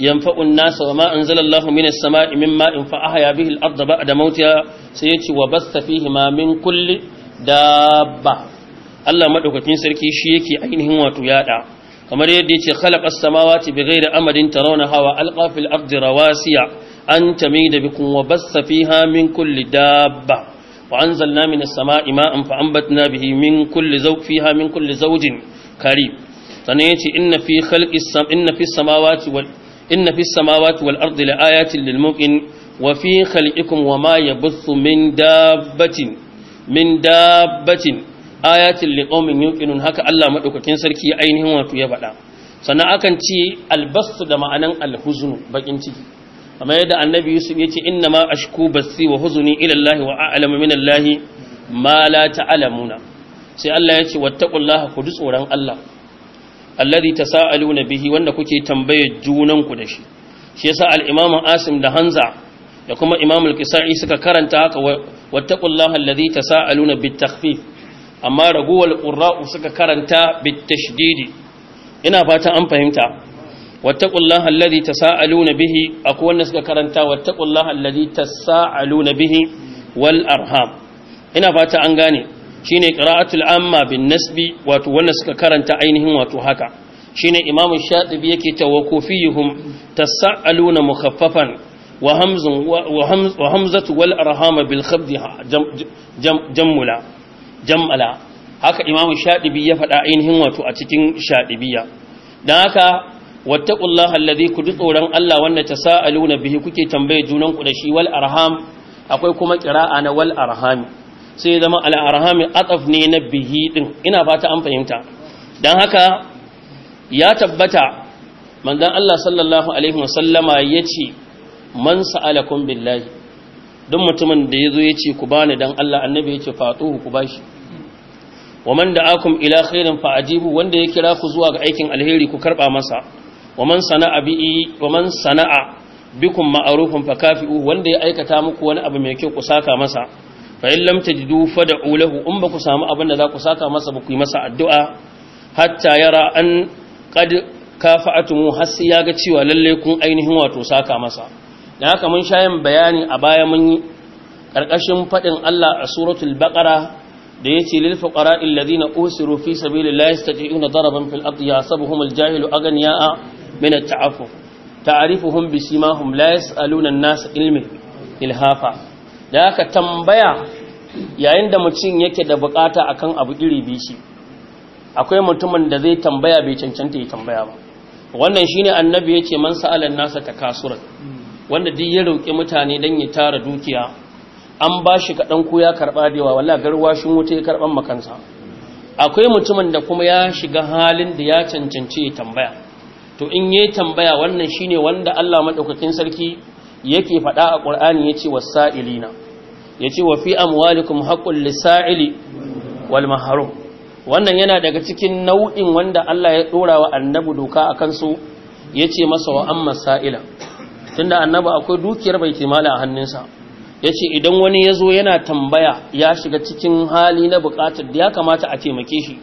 ينفع الناس وما أنزل الله من السماء من ماء فأحيا به الأرض بعد موتها سيأتي وبث فيهما من كل دابة الله مدوكتين سركي شيكي أينهم وتيادا كما يدي خلق السماوات بغير أمد ترونها وألقى في الأرض رواسيا أن تميد بكم وبث فيها من كل دابة وأنزلنا من السماء ماء فأنبتنا به من كل زوج فيها من كل زوج كريم سنيتي إن في خلق السم إن في السماوات والأرض In na fi samawati wal ardi la ayatin lil muqin wa fi khalqikum wa ma yabuthu min dabbatin min dabbatin ayatin liqaumin yuqinun haka Allah madaukakin sarki ainihin wato ya baɗa? sannan akan ci albasu da ma'anan alhuznu bakin ciki amma yadda annabi Yusuf ya ce inna ma ashku basi wa huzuni ila Allah wa a'lamu min sai Allah ya ce wattaqullaha ku ji tsoron Allah alladhi tasaaluna bihi wanda kuke tambayar junan ku da shi shi yasa al-imam asim da hanza da kuma imam al-kisai suka karanta haka wattaqullaha alladhi tasaaluna bit-takhfif amma raguwal qurra'u suka karanta bit-tashdidi ina fata an fahimta wattaqullaha alladhi tasaaluna bihi akwai wanda suka karanta wattaqullaha alladhi tasaaluna bihi wal arham ina fata an gane shine qira'atul amma bin nasbi wato wanda suka karanta ainihin wato haka shine imamu shatibi yake ta wa kufiyuhum tasaluna mukhaffafan wa hamzun wa hamzatu wal arhama bil khabdi jammula haka imamu shatibi ya faɗa ainihin wato a cikin shatibiya dan haka wattaqullaha alladhi kudu tsoron Allah wanda tasaluna bihi kuke tambaye junanku da shi wal arham akwai kuma qira'a na wal arhami sai zama al'arhami ataf ne na bihi ɗin ina fata an fahimta don haka ya tabbata manzon Allah sallallahu alaihi wasallama ya ce man sa’alakun billahi don mutumin da ya zo ya ce ku bani don Allah annabi ya ce fatuhu ku bashi wa man akun ila khairin fa'ajibu wanda ya kira ku zuwa ga aikin alheri ku karɓa masa wa man sana'a bi wa man sana'a bikum ma'arufin kafi'u wanda ya aikata muku wani abu mai kyau ku saka masa fa in lam tajidu fad'u in ba ku samu abin da za ku saka masa ba ku yi masa addu'a hatta yara an qad atumu har sai ya ga cewa lalle kun ainihin wato saka masa dan haka mun shayin bayani a baya mun yi ƙarƙashin fadin Allah a suratul baqara da yace lil fuqara alladhina usiru fi sabilillahi yastati'una daraban fil ardi yasabuhum aljahilu aghniya'a min at-ta'affuf ta'rifuhum bisimahum la yas'aluna an-nas ilmi ilhafa da aka tambaya yayin da mutum yake da bukata akan abu iri bishi akwai mutumin da zai tambaya bai cancanta ya tambaya ba wannan shine annabi yace man sa'alan nasa ta kasuwar. wanda duk ya roki mutane dan ya tara dukiya an bashi kadan ku ya karba dewa wallahi garwashin wuta ya karban makansa akwai mutumin da kuma ya shiga halin da ya cancanci ya tambaya to in yayi tambaya wannan shine wanda Allah madaukakin sarki yake faɗa a ƙur'ani ya ce wasa'ilina ya ce wa fi amwalikum haƙƙun lissa'ili wal maharum wannan yana daga cikin nau'in wanda Allah ya ɗora wa annabi doka a kansu ya ce masa wa amma sa'ila tunda annabi akwai dukiyar bai kimala a hannunsa ya ce idan wani ya zo yana tambaya ya shiga cikin hali na buƙatar da ya kamata a taimake shi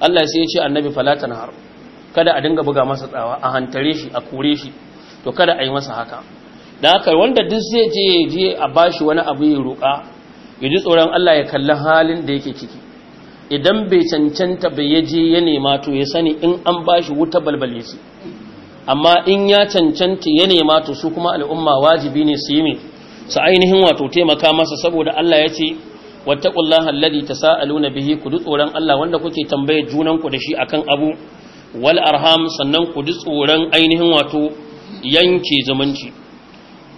Allah sai ya ce annabi falatan har kada a dinga buga masa tsawa a hantare shi a kore shi to kada a yi masa haka da aka wanda duk zai je ya je a bashi wani abu ya roƙa ya ji tsoron Allah ya kalli halin da yake ciki idan bai cancanta bai ya je ya nema to ya sani in an bashi wuta balbale ce amma in ya cancanta ya nema to su kuma al'umma wajibi ne su yi mai su ainihin wato taimaka masa saboda Allah ya ce wattaqullaha alladhi tasaaluna bihi ku tsoron Allah wanda kuke tambayar junan ku da shi akan abu wal arham sannan ku tsoron ainihin wato yanke zumunci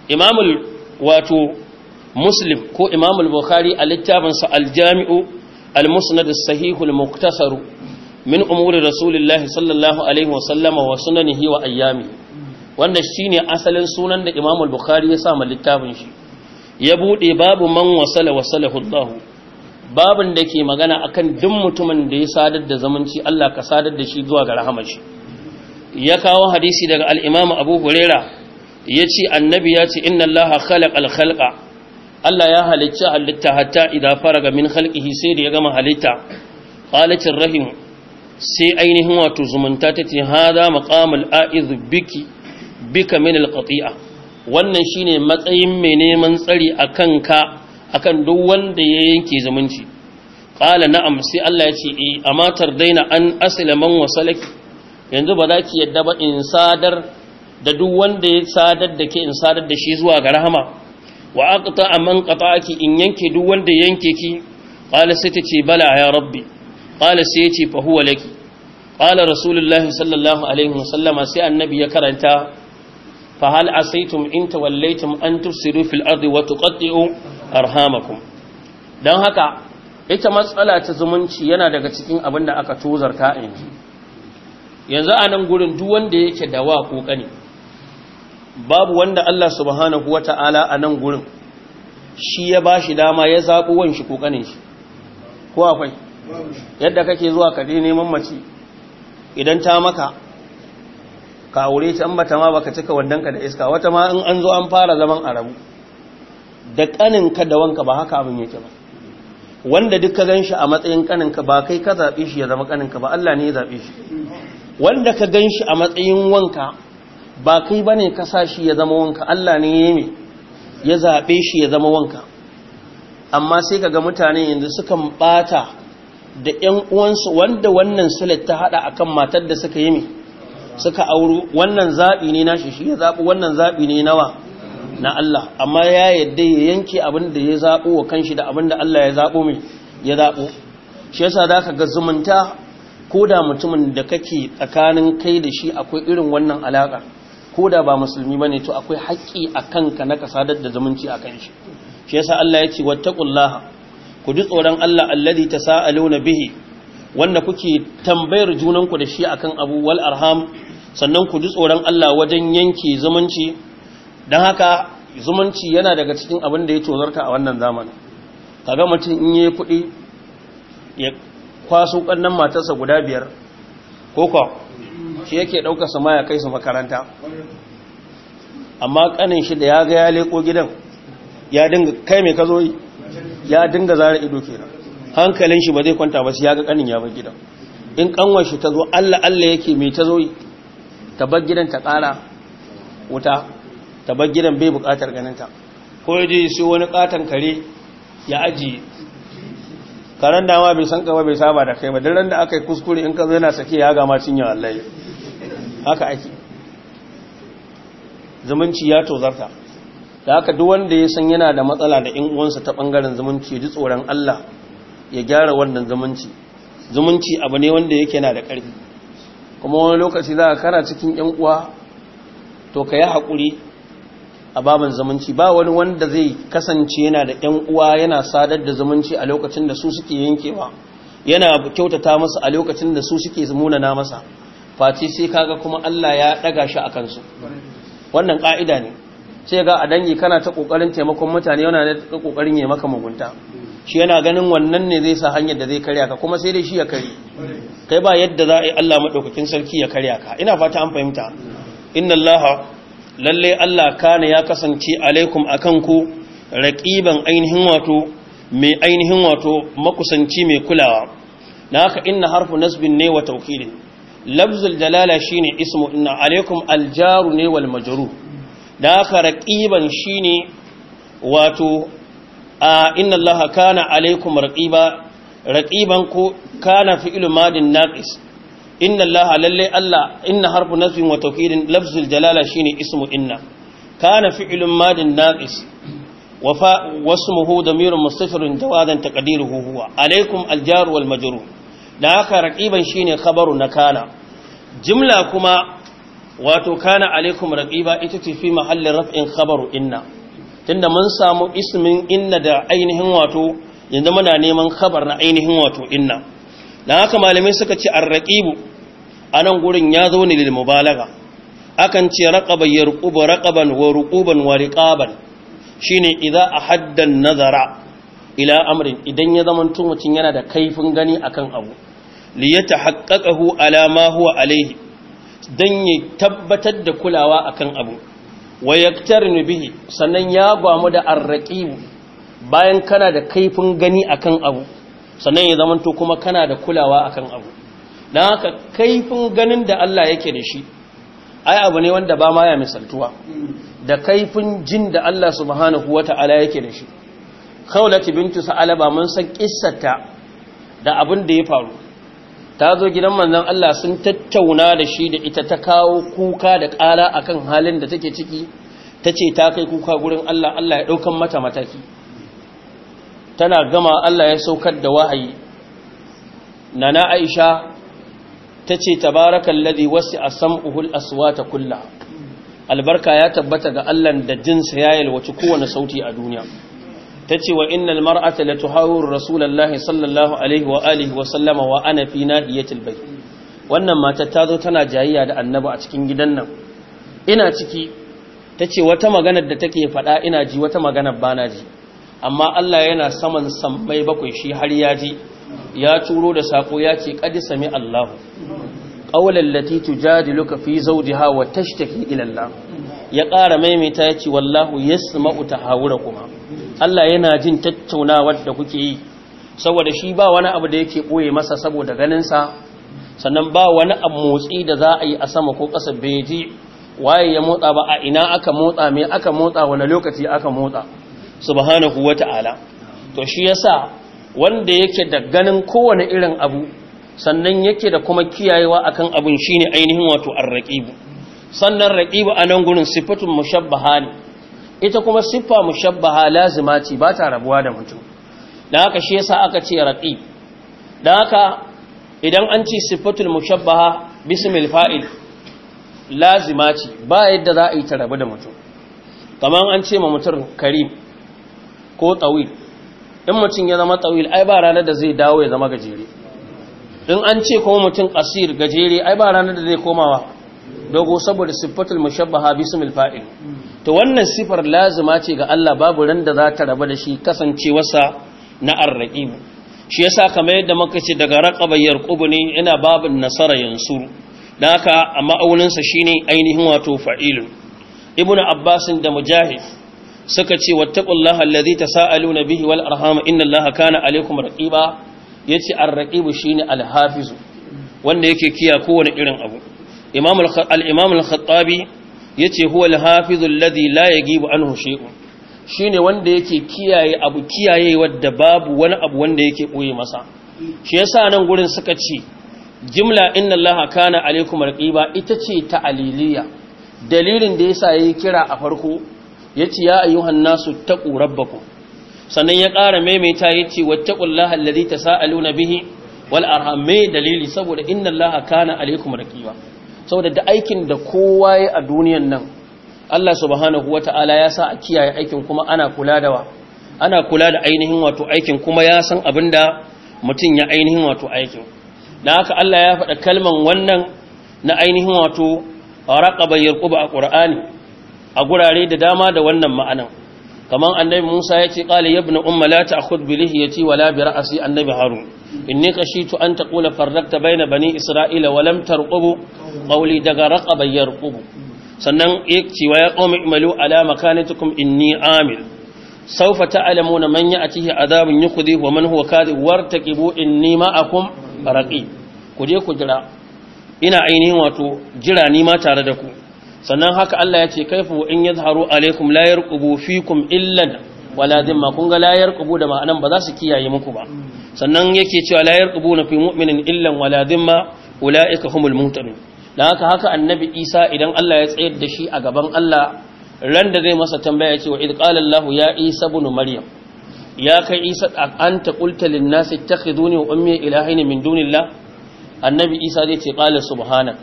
imamul wato muslim ko imamul bukhari a littafinsa aljami'u almusnad sahihul المقتصر min umuri رسول sallallahu alaihi الله wa sunanihi wa Ayyami. wanda shine asalin sunan da Imamul bukhari ya sa ma littafin shi ya bude babu man wasala wasalahu Allah babin da ke magana akan duk mutumin da ya sadar da zamanci Allah ka sadar da shi zuwa ga rahama shi ya kawo hadisi daga al imamu Abu Huraira ya ce annabi ya ce inna allaha khalaq al-khalqa Allah ya halicci halitta hatta idza faraga min khalqihi sai da ya gama halitta Ƙwalacin rahim sai ainihin wato zumunta ta ce hada maqamul aiz biki bika min al-qati'a wannan shine matsayin mai neman tsari akan ka akan duk wanda ya yanke zumunci qala na'am sai Allah ya ce eh amatar daina an asila man wasalaki yanzu ba za ki yadda ba in sadar da duk wanda ya sadar da ke in sadar da shi zuwa ga rahama wa aqta amman qata'aki in yanke duk wanda yanke ki qala sai tace bala ya rabbi qala sai yace fa huwa laki qala rasulullahi sallallahu alaihi wasallama sai annabi ya karanta fa hal asaitum in tawallaitum an tufsidu fil ardi wa tuqatti'u arhamakum dan haka ita matsala ta zumunci yana daga cikin abin da aka tozarta yanzu yanzu a nan gurin duk wanda yake da wa kani. babu wanda Allah subhanahu wa ta'ala a nan gurin shi ya ba shi dama ya zaɓi wanshi ko kanin shi ko akwai yadda kake zuwa ka ne, neman mace idan ta maka ka aure can an bata ma baka cika wandanka da iska wata ma in an zo an fara zaman arabu da ƙaninka da wanka ba haka abin yake ba wanda duk ka ganshi a matsayin ƙaninka ba kai ka zaɓe shi ya zama ƙaninka ba Allah ne ya zaɓe shi wanda ka ganshi a matsayin wanka ba kai ba ne ka shi ya zama wanka Allah ne ya yi ya zaɓe shi ya zama wanka amma sai ga mutane yanzu sukan ɓata da ‘yan uwansu wanda wannan sulet ta haɗa akan matar da suka yi mai suka auru wannan zaɓi ne na shi shi ya zaɓi wannan zaɓi ne nawa na Allah amma ya yadda ya yanke abin da ya zaɓo wa kanshi da abin da Allah ya zaɓo mai ya zaɓo shi yasa za ka ga zumunta ko da mutumin da kake tsakanin kai da shi akwai irin wannan alaƙa ko da ba musulmi bane to akwai haƙƙi a kanka na kasadar da zumunci a kan shi shi yasa Allah ya ce wattaqullaha ku ji tsoron Allah alladhi tasaaluna bihi wanda kuke tambayar junan ku da shi akan abu wal arham sannan ku ji tsoron Allah wajen yanke zumunci dan haka zumunci yana daga cikin abin da ya tozarta a wannan zamanin kaga mutum in yayi kuɗi ya kwaso kannan matarsa guda biyar ko ko shi yake ɗauka su ma ya kai su makaranta amma ƙanin shi da ya ga ya leko gidan ya dinga kai mai ka zo ya dinga zara ido kenan hankalin shi ba zai kwanta ba sai ya ga ƙanin ya bar gidan in ƙanwar shi ta zo allah allah yake mai ta zo ta bar gidan ta ƙara wuta ta bar gidan bai buƙatar ganinta ko ya je sai wani ƙaton kare ya ajiye karen dama bai san kama bai saba da kai ba duk da aka yi kuskure in ka zo yana sake ya gama cinye wallahi haka ake zumunci ya tozarta da haka duk wanda ya san yana da matsala da in uwansa ta bangaren zumunci ji tsoron Allah ya gyara wannan zumunci zumunci abu ne wanda yake na da ƙarfi kuma wani lokaci za ka kana cikin yan uwa to ka yi haƙuri a baban zumunci ba wani wanda zai kasance yana da yan uwa yana sadar da zumunci a lokacin da su suke yankewa yana kyautata masa a lokacin da su suke munana masa faci sai kaga kuma Allah ya daga shi a kansu. wannan ka'ida ne sai ga a dangi kana ta kokarin taimakon mutane yana da kokarin ya maka mugunta shi yana ganin wannan ne zai sa hanyar da zai karya ka kuma sai dai shi ya kare kai ba yadda za a yi Allah madaukakin sarki ya karya ka ina fata an fahimta inna Allah lalle Allah kana ya kasance alaikum akan ku raqiban ainihin wato mai ainihin wato makusanci mai kulawa na haka inna harfu nasbin ne wa tawkilin lafzul jalala shine ismu inna alaikum aljaru ne wal majru da aka raqiban shine wato a inna allaha kana alaikum raqiba raqiban ko kana fi'lu madin naqis inna allaha lalle allah inna harfu nasbin wa tawkidin lafzul jalala shine ismu inna kana fi'lu madin naqis وفاء واسمه ضمير مستتر جوادا تقديره هو عليكم الجار والمجرور da haka raqiban shine khabaru na kana jimla kuma wato kana alaikum raqiba ita ce fi mahallin raf'in khabaru inna tunda mun samu ismin inna da ainihin wato yanzu muna neman khabar na ainihin wato inna dan haka malamai suka ce arraqibu anan gurin ya zo ne lil mubalaga akan ce raqaba yarqubu raqaban wa ruquban wa riqaban shine idza ahadda nazara ila amrin idan ya zama mutum yana da kaifin gani akan abu li haqqaqahu ala ma huwa alayhi dan ya tabbatar da kulawa akan abu wa yaktarinu bihi sannan ya gwamu da arraqib bayan kana da kaifin gani akan abu sannan ya zama kuma kana da kulawa akan abu dan haka kaifin ganin da Allah yake da shi ai abu ne wanda ba ma ya misaltuwa da kaifin jin da Allah subhanahu wata'ala yake da shi khawlat bintu sa'alaba mun san kissata da abin da ya faru ta zo gidan manzon Allah sun tattauna da shi da ita ta kawo kuka da ƙara akan halin da take ciki tace ta kai kuka gurin Allah Allah ya daukan mata mataki tana gama Allah ya saukar da wahayi nana Aisha tace ladhi wasi'a al aswata kullaha albarka ya tabbata ga Allah da jinsa ya yalwaci kowane sauti a duniya tace wa innal mar'ata la tuhawir rasulullahi sallallahu alaihi wa alihi wa sallama wa ana fi nadiyatil bayt wannan matar ta zo tana jayayya da annabi a cikin gidan nan ina ciki tace wata maganar da take faɗa ina ji wata maganar bana ji amma Allah yana saman sammai bakwai shi har ya ji ya turo da sako ya ce qad sami Allah qawlan lati tujadiluka fi zawjiha wa tashtaki ila Allah ya ƙara maimaita ya ce wallahu yasma'u tahawurakuma Allah yana jin tattaunawar da kuke yi saboda shi ba wani abu da yake ɓoye masa saboda ganinsa sannan ba wani abu motsi da za a yi a sama ko ƙasa bai ji waye ya motsa ba a ina aka motsa mai aka motsa wani lokaci aka motsa subhanahu wata'ala to shi ya sa wanda yake da ganin kowane irin abu sannan yake da kuma kiyayewa akan shi shine ainihin wato arraqibu sannan raƙibu a nan gurin sifatun mushabbaha ne ita kuma siffa mushabbaha lazima ce ba ta rabuwa da mutum da haka shi yasa aka ce raqi da haka idan an ce siffatul mushabbaha bismil fa'il lazima ce ba yadda za a yi ta rabu da mutum kamar an ce ma mutum karim ko tawil in mutum ya zama tawil ai ba ranar da zai dawo ya zama gajere in an ce kuma mutum kasir gajere ai ba ranar da zai komawa dogo saboda siffatul mushabbaha bismil fa'il to wannan sifar lazima ce ga Allah babu randa za ta raba da shi kasancewarsa na arraqib shi yasa kamar yadda muka ce daga raqaba yarqubuni ne ina babin nasara yansuru dan haka amma aunin sa shine ainihin wato Fa'ilu. ibnu abbas da mujahid suka ce wattaqullaha allazi tasaaluna bihi wal arham inna allaha kana alaykum raqiba yace arraqibu shine alhafizu wanda yake kiyaye kowane irin abu imam al-imam al-khattabi yace huwa al-hafiz alladhi la yagibu anhu shay'un shine wanda yake kiyaye abu kiyaye wadda babu wani abu wanda yake ɓoye masa shi yasa nan gurin suka ce jimla inna allaha kana alaikum raqiba ita ce ta aliliya dalilin da ya sa ya yi kira a farko yace ya ayyuhan nasu taqu rabbakum sannan ya ƙara maimaita yace wattaqullaha allazi tasaaluna bihi wal arham dalili saboda inna allaha kana alaikum raqiba saboda da aikin da kowa ya a duniyan nan Allah subhanahu ta'ala ya sa a kiyaye aikin kuma ana kula da wa ana kula da ainihin wato aikin kuma ya san abin da mutum ya ainihin wato aikin da haka Allah ya faɗa kalman wannan na ainihin wato raqaba yarquba a qur'ani a gurare da dama da wannan ma'anan kamar annabi Musa ya ce qala yabna ibn umma la ta'khudh bi wala bi ra'si annabi harun inni qashitu an taqula farraqta baina bani isra'ila wa lam tarqubu qawli daga raqaba yarqubu sannan yake wa ya imalu ala makanatikum inni amil sawfa ta'lamuna man ya'tihi adabun yukhdi wa man huwa kadhib wartaqibu inni ma'akum raqib ku je ku jira ina ainihin wato jira ni ma tare da ku sannan haka Allah ya ce kaifu in yadharu alaikum la yarqubu fikum illan wala dimma kun ga layar kubu da ma'anan ba za su kiyaye muku ba sannan yake cewa layar kubu na fi mu'minin illan wala dimma ulaika humul mutadun dan haka haka annabi Isa idan Allah ya tsayar da shi a gaban Allah ran da zai masa tambaya cewa id qala Allah ya Isa ibn Maryam ya kai Isa anta qulta lin nas ittakhiduni wa ummi ilahin min dunillah annabi Isa zai ce qala subhanak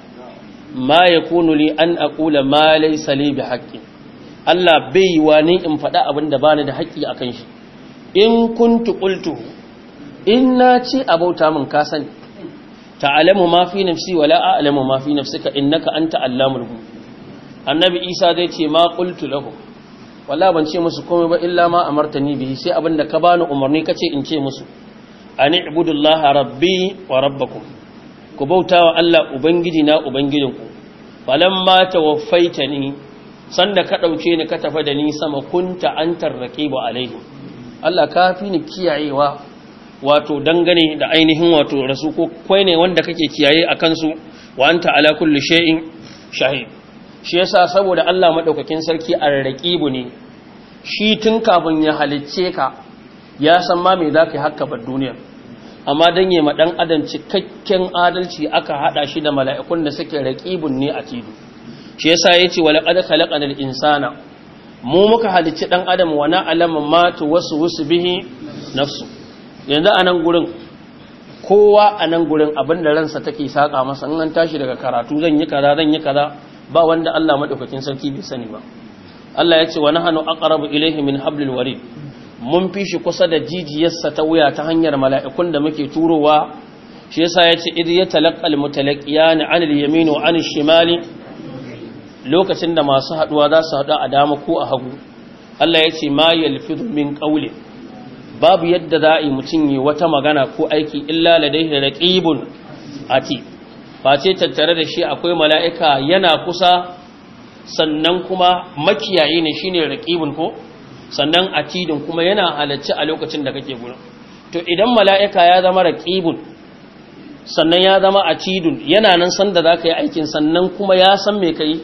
ma yakunu li an aqula ma laysa li bihaqqin Allah bai yi wa ni in faɗa abin da bani da haƙƙi a kan shi in kuntu qultu in na ce abauta min ka sani ta'alamu ma fi nafsi wala a'lamu ma fi nafsika innaka anta allamul ghuyub annabi Isa zai ce ma qultu lahu wala ban ce musu komai ba illa ma amartani bihi sai abin da ka bani umarni kace in ce musu ani ibudullaha rabbi wa rabbakum ku bautawa Allah ubangiji na ubangijinku falamma tawaffaitani sanda ka ɗauke ni ka tafi da ni sama kunta an tarrake ba alaihi Allah ka fi ni kiyayewa wato dangane da ainihin wato rasu ko kwai ne wanda kake kiyaye a kansu wa anta ala kulli shay'in shahid shi yasa saboda Allah madaukakin sarki arraqibu ne shi tun kafin ya halicce ka ya san ma me zaka yi hakka bar duniya amma dan yi ma dan adam cikakken adalci aka hada shi da mala'ikun da suke raqibun ne a cikin shi yasa yace wa khalaqana al insana mu muka halicci dan adam wa na'lamu ma wasu bihi nafsu yanzu anan gurin kowa anan gurin abinda ransa take saka masa in an tashi daga karatu zan yi kaza zan yi kaza ba wanda Allah madaukakin sarki bai sani ba Allah yace wa nahnu aqrabu ilayhi min hablil warid mun fishi kusa da jijiyarsa ta wuya ta hanyar mala'ikun da muke turowa shi yasa yace idh yatalaqal mutalaqiyani 'anil yamini wa 'anil shimali lokacin da masu haduwa za su haɗu a dama ko a hagu Allah ya ce ma yalfidu min qawlin babu yadda za a yi mutum yi wata magana ko aiki illa ladaihi raqibun ati ce tattare da shi akwai mala'ika yana kusa sannan kuma makiyayi ne shine raqibun ko sannan atidin kuma yana halacci a lokacin da kake gurin to idan mala'ika ya zama raqibun sannan ya zama a yana nan sanda za ka yi aikin sannan kuma ya san mai kai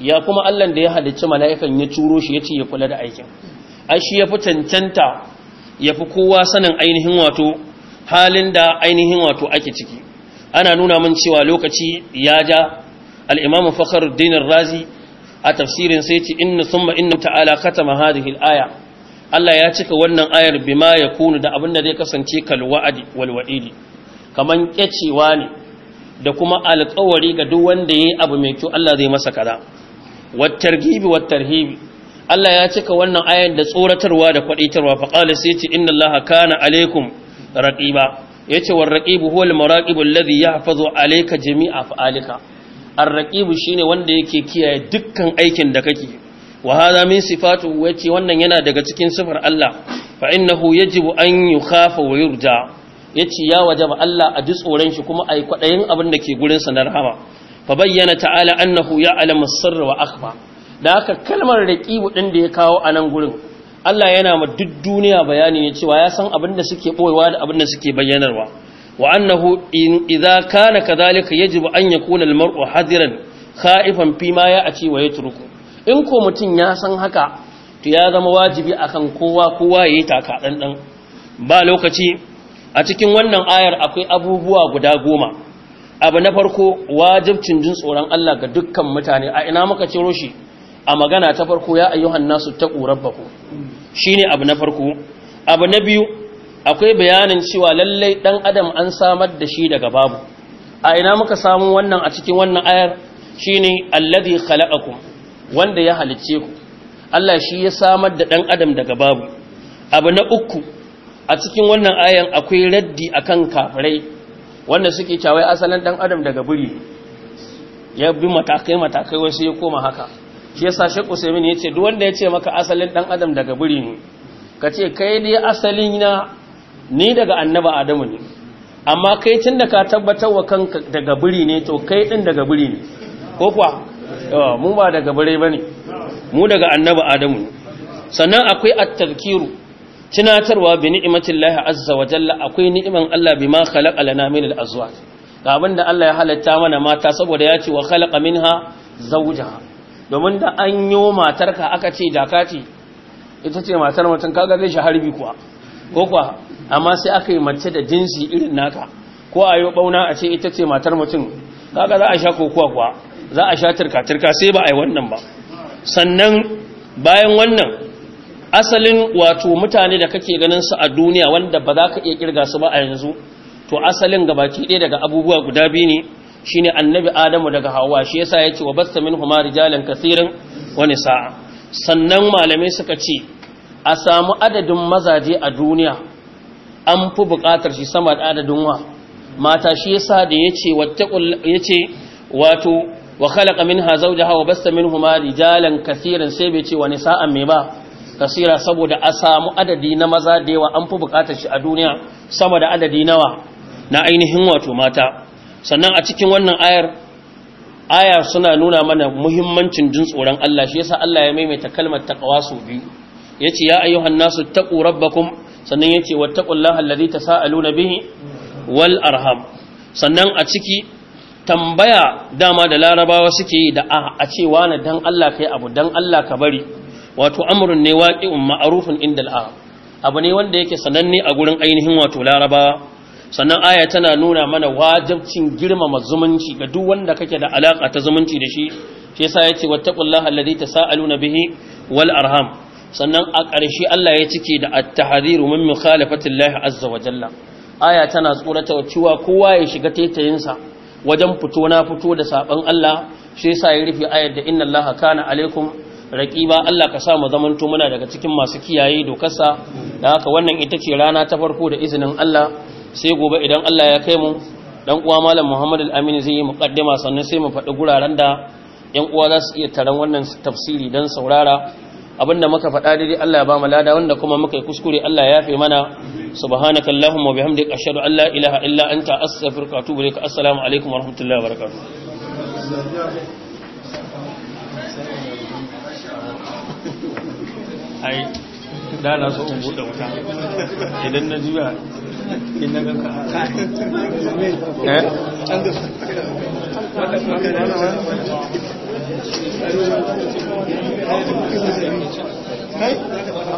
ya kuma Allah da ya halicci mala'ikan ya curo shi ya ce ya kula da aikin ai shi ya fi cancanta ya fi kowa sanin ainihin wato halin da ainihin wato ake ciki ana nuna min cewa lokaci ya ja al'imamu fakar dinar razi a tafsirin sai ce inna summa inna ta'ala kata hadhihi aya Allah ya cika wannan ayar bima ya kunu da abin da zai kasance kal wa'adi wal wa'idi kaman ne da kuma alƙawari ga duk wanda yi abu mai kyau Allah zai masa kaza wattargibi wattarhibi Allah ya cika wannan ayan da tsoratarwa da kwadaitarwa fa qala sai ce inna allaha kana alaikum raqiba yace war raqibu huwa al-muraqibu alladhi yahfazu alayka jami'a fa'alika ar-raqibu shine wanda yake kiyaye dukkan aikin da kake wa hadha min sifatu yace wannan yana daga cikin sifar Allah fa innahu yajibu an yukhafa wa yurja yace ya wajaba Allah a ji tsoron shi kuma ai kwadayin abin da ke gurin sa na rahama fa bayyana ta'ala annahu ya as-sirra wa akhfa da haka kalmar raqibu din da ya kawo a nan gurin Allah yana ma duk duniya bayani ne cewa ya san abin da suke boyewa da abin da suke bayyanarwa wa annahu idza kana kadhalika yajibu an yakuna almar'u hadiran khaifan fi ma ya wa yatruku in ko mutun ya san haka to ya zama wajibi akan kowa kowa yayi taka dan dan ba lokaci a cikin wannan ayar akwai abubuwa guda goma abu na farko wajibcin jin tsoron Allah ga dukkan mutane a ina muka ciro shi a magana ta farko ya ayyuhan nasu bako Shi ne abu na farko abu na biyu akwai bayanin cewa lallai ɗan adam an samar da shi daga babu a ina muka samu wannan a cikin wannan ayar shine alladhi khalaqakum wanda ya halicce ku Allah shi ya samar da ɗan adam daga babu abu na uku a cikin wannan ayan akwai raddi akan kafirai wanda suke cawai asalin dan adam daga buri ya bi matakai matakai wasu ya koma haka shi yasa Sheikh ya ce, duk wanda ce maka asalin dan adam daga buri ne kace kai ne asalin na ni daga annaba Adamu ne amma kai tun da ka tabbatar wa kanka daga buri ne to kai din daga buri ne ko kuwa mu ba daga ba bane mu daga annaba Adamu ne sannan akwai at-tazkiru tunatarwa bi ni'matillahi azza wa jalla akwai ni'iman Allah bima khalaqa lana min al-azwaj ga abinda Allah ya halatta mana mata saboda ya ce wa khalaqa minha zawjaha domin da an matar matarka aka ce daka ce ita ce matar mutum kaga zai shi harbi kuwa ko kuwa amma sai aka yi mace da jinsi irin naka ko a bauna a ce ita ce matar mutum kaga za a sha kokuwa kuwa za a sha turka turka sai ba a yi wannan ba sannan bayan wannan asalin wato mutane da kake ganin su a duniya wanda ba za ka iya kirga su ba a yanzu to asalin baki ɗaya daga abubuwa guda biyu ne shine annabi adamu daga hawa shi yasa yace wa basta huma rijalan kasirin wa nisaa sannan malamai suka ce a samu adadin mazaje a duniya an fi buƙatar shi sama da adadin wa mata shi yasa da yace wattaqul yace wato wa khalaqa minha zawjaha wa basta huma rijalan kasirin sai bai ce wa nisaa me ba kasira saboda a samu adadi na maza da yawa an fi bukatar shi a duniya sama da adadi nawa na ainihin wato mata sannan a cikin wannan ayar ayar suna nuna mana muhimmancin jin tsoron Allah shi yasa Allah ya maimaita kalmar taqwa sau biyu yace ya ayyuhan nasu taqu rabbakum sannan yace wattaqullaha allazi tasaaluna bihi wal arham sannan a ciki tambaya dama da larabawa suke yi da ah, a cewa wani dan Allah kai abu dan Allah ka bari wato Amurin ne waqi'un ma'arufin inda al'am abu ne wanda yake sananne a gurin ainihin wato larabawa sannan aya tana nuna mana wajabcin girmama zumunci ga duk wanda kake da alaka ta zumunci da shi shi yasa yace wattaqullaha alladhi na bihi wal arham sannan a ƙarshe Allah ya cike da at-tahdhiru min mukhalafatillahi azza wa jalla aya tana tsorata cewa kowa ya shiga taitayinsa wajen fito na fito da saban Allah shi yasa ya rufe ayar da inna allaha kana alaikum raqiba Allah ka sa mu zamanto muna daga cikin masu kiyaye dokarsa da haka wannan ita ce rana ta farko da izinin Allah sai gobe idan Allah ya kai mu dan uwa malam Muhammad al-Amin zai yi muqaddima sannan sai mu faɗi guraren da yan uwa za su iya taron wannan tafsiri dan saurara abinda muka faɗa dai Allah ya ba mu lada wanda kuma muka yi kuskure Allah ya yafe mana subhanaka allahumma bihamdika ashhadu an la ilaha illa anta astaghfiruka wa atubu ilaik assalamu alaikum wa rahmatullahi wa barakatuh ai na so in buɗe wuta idan na juya in na ganka eh?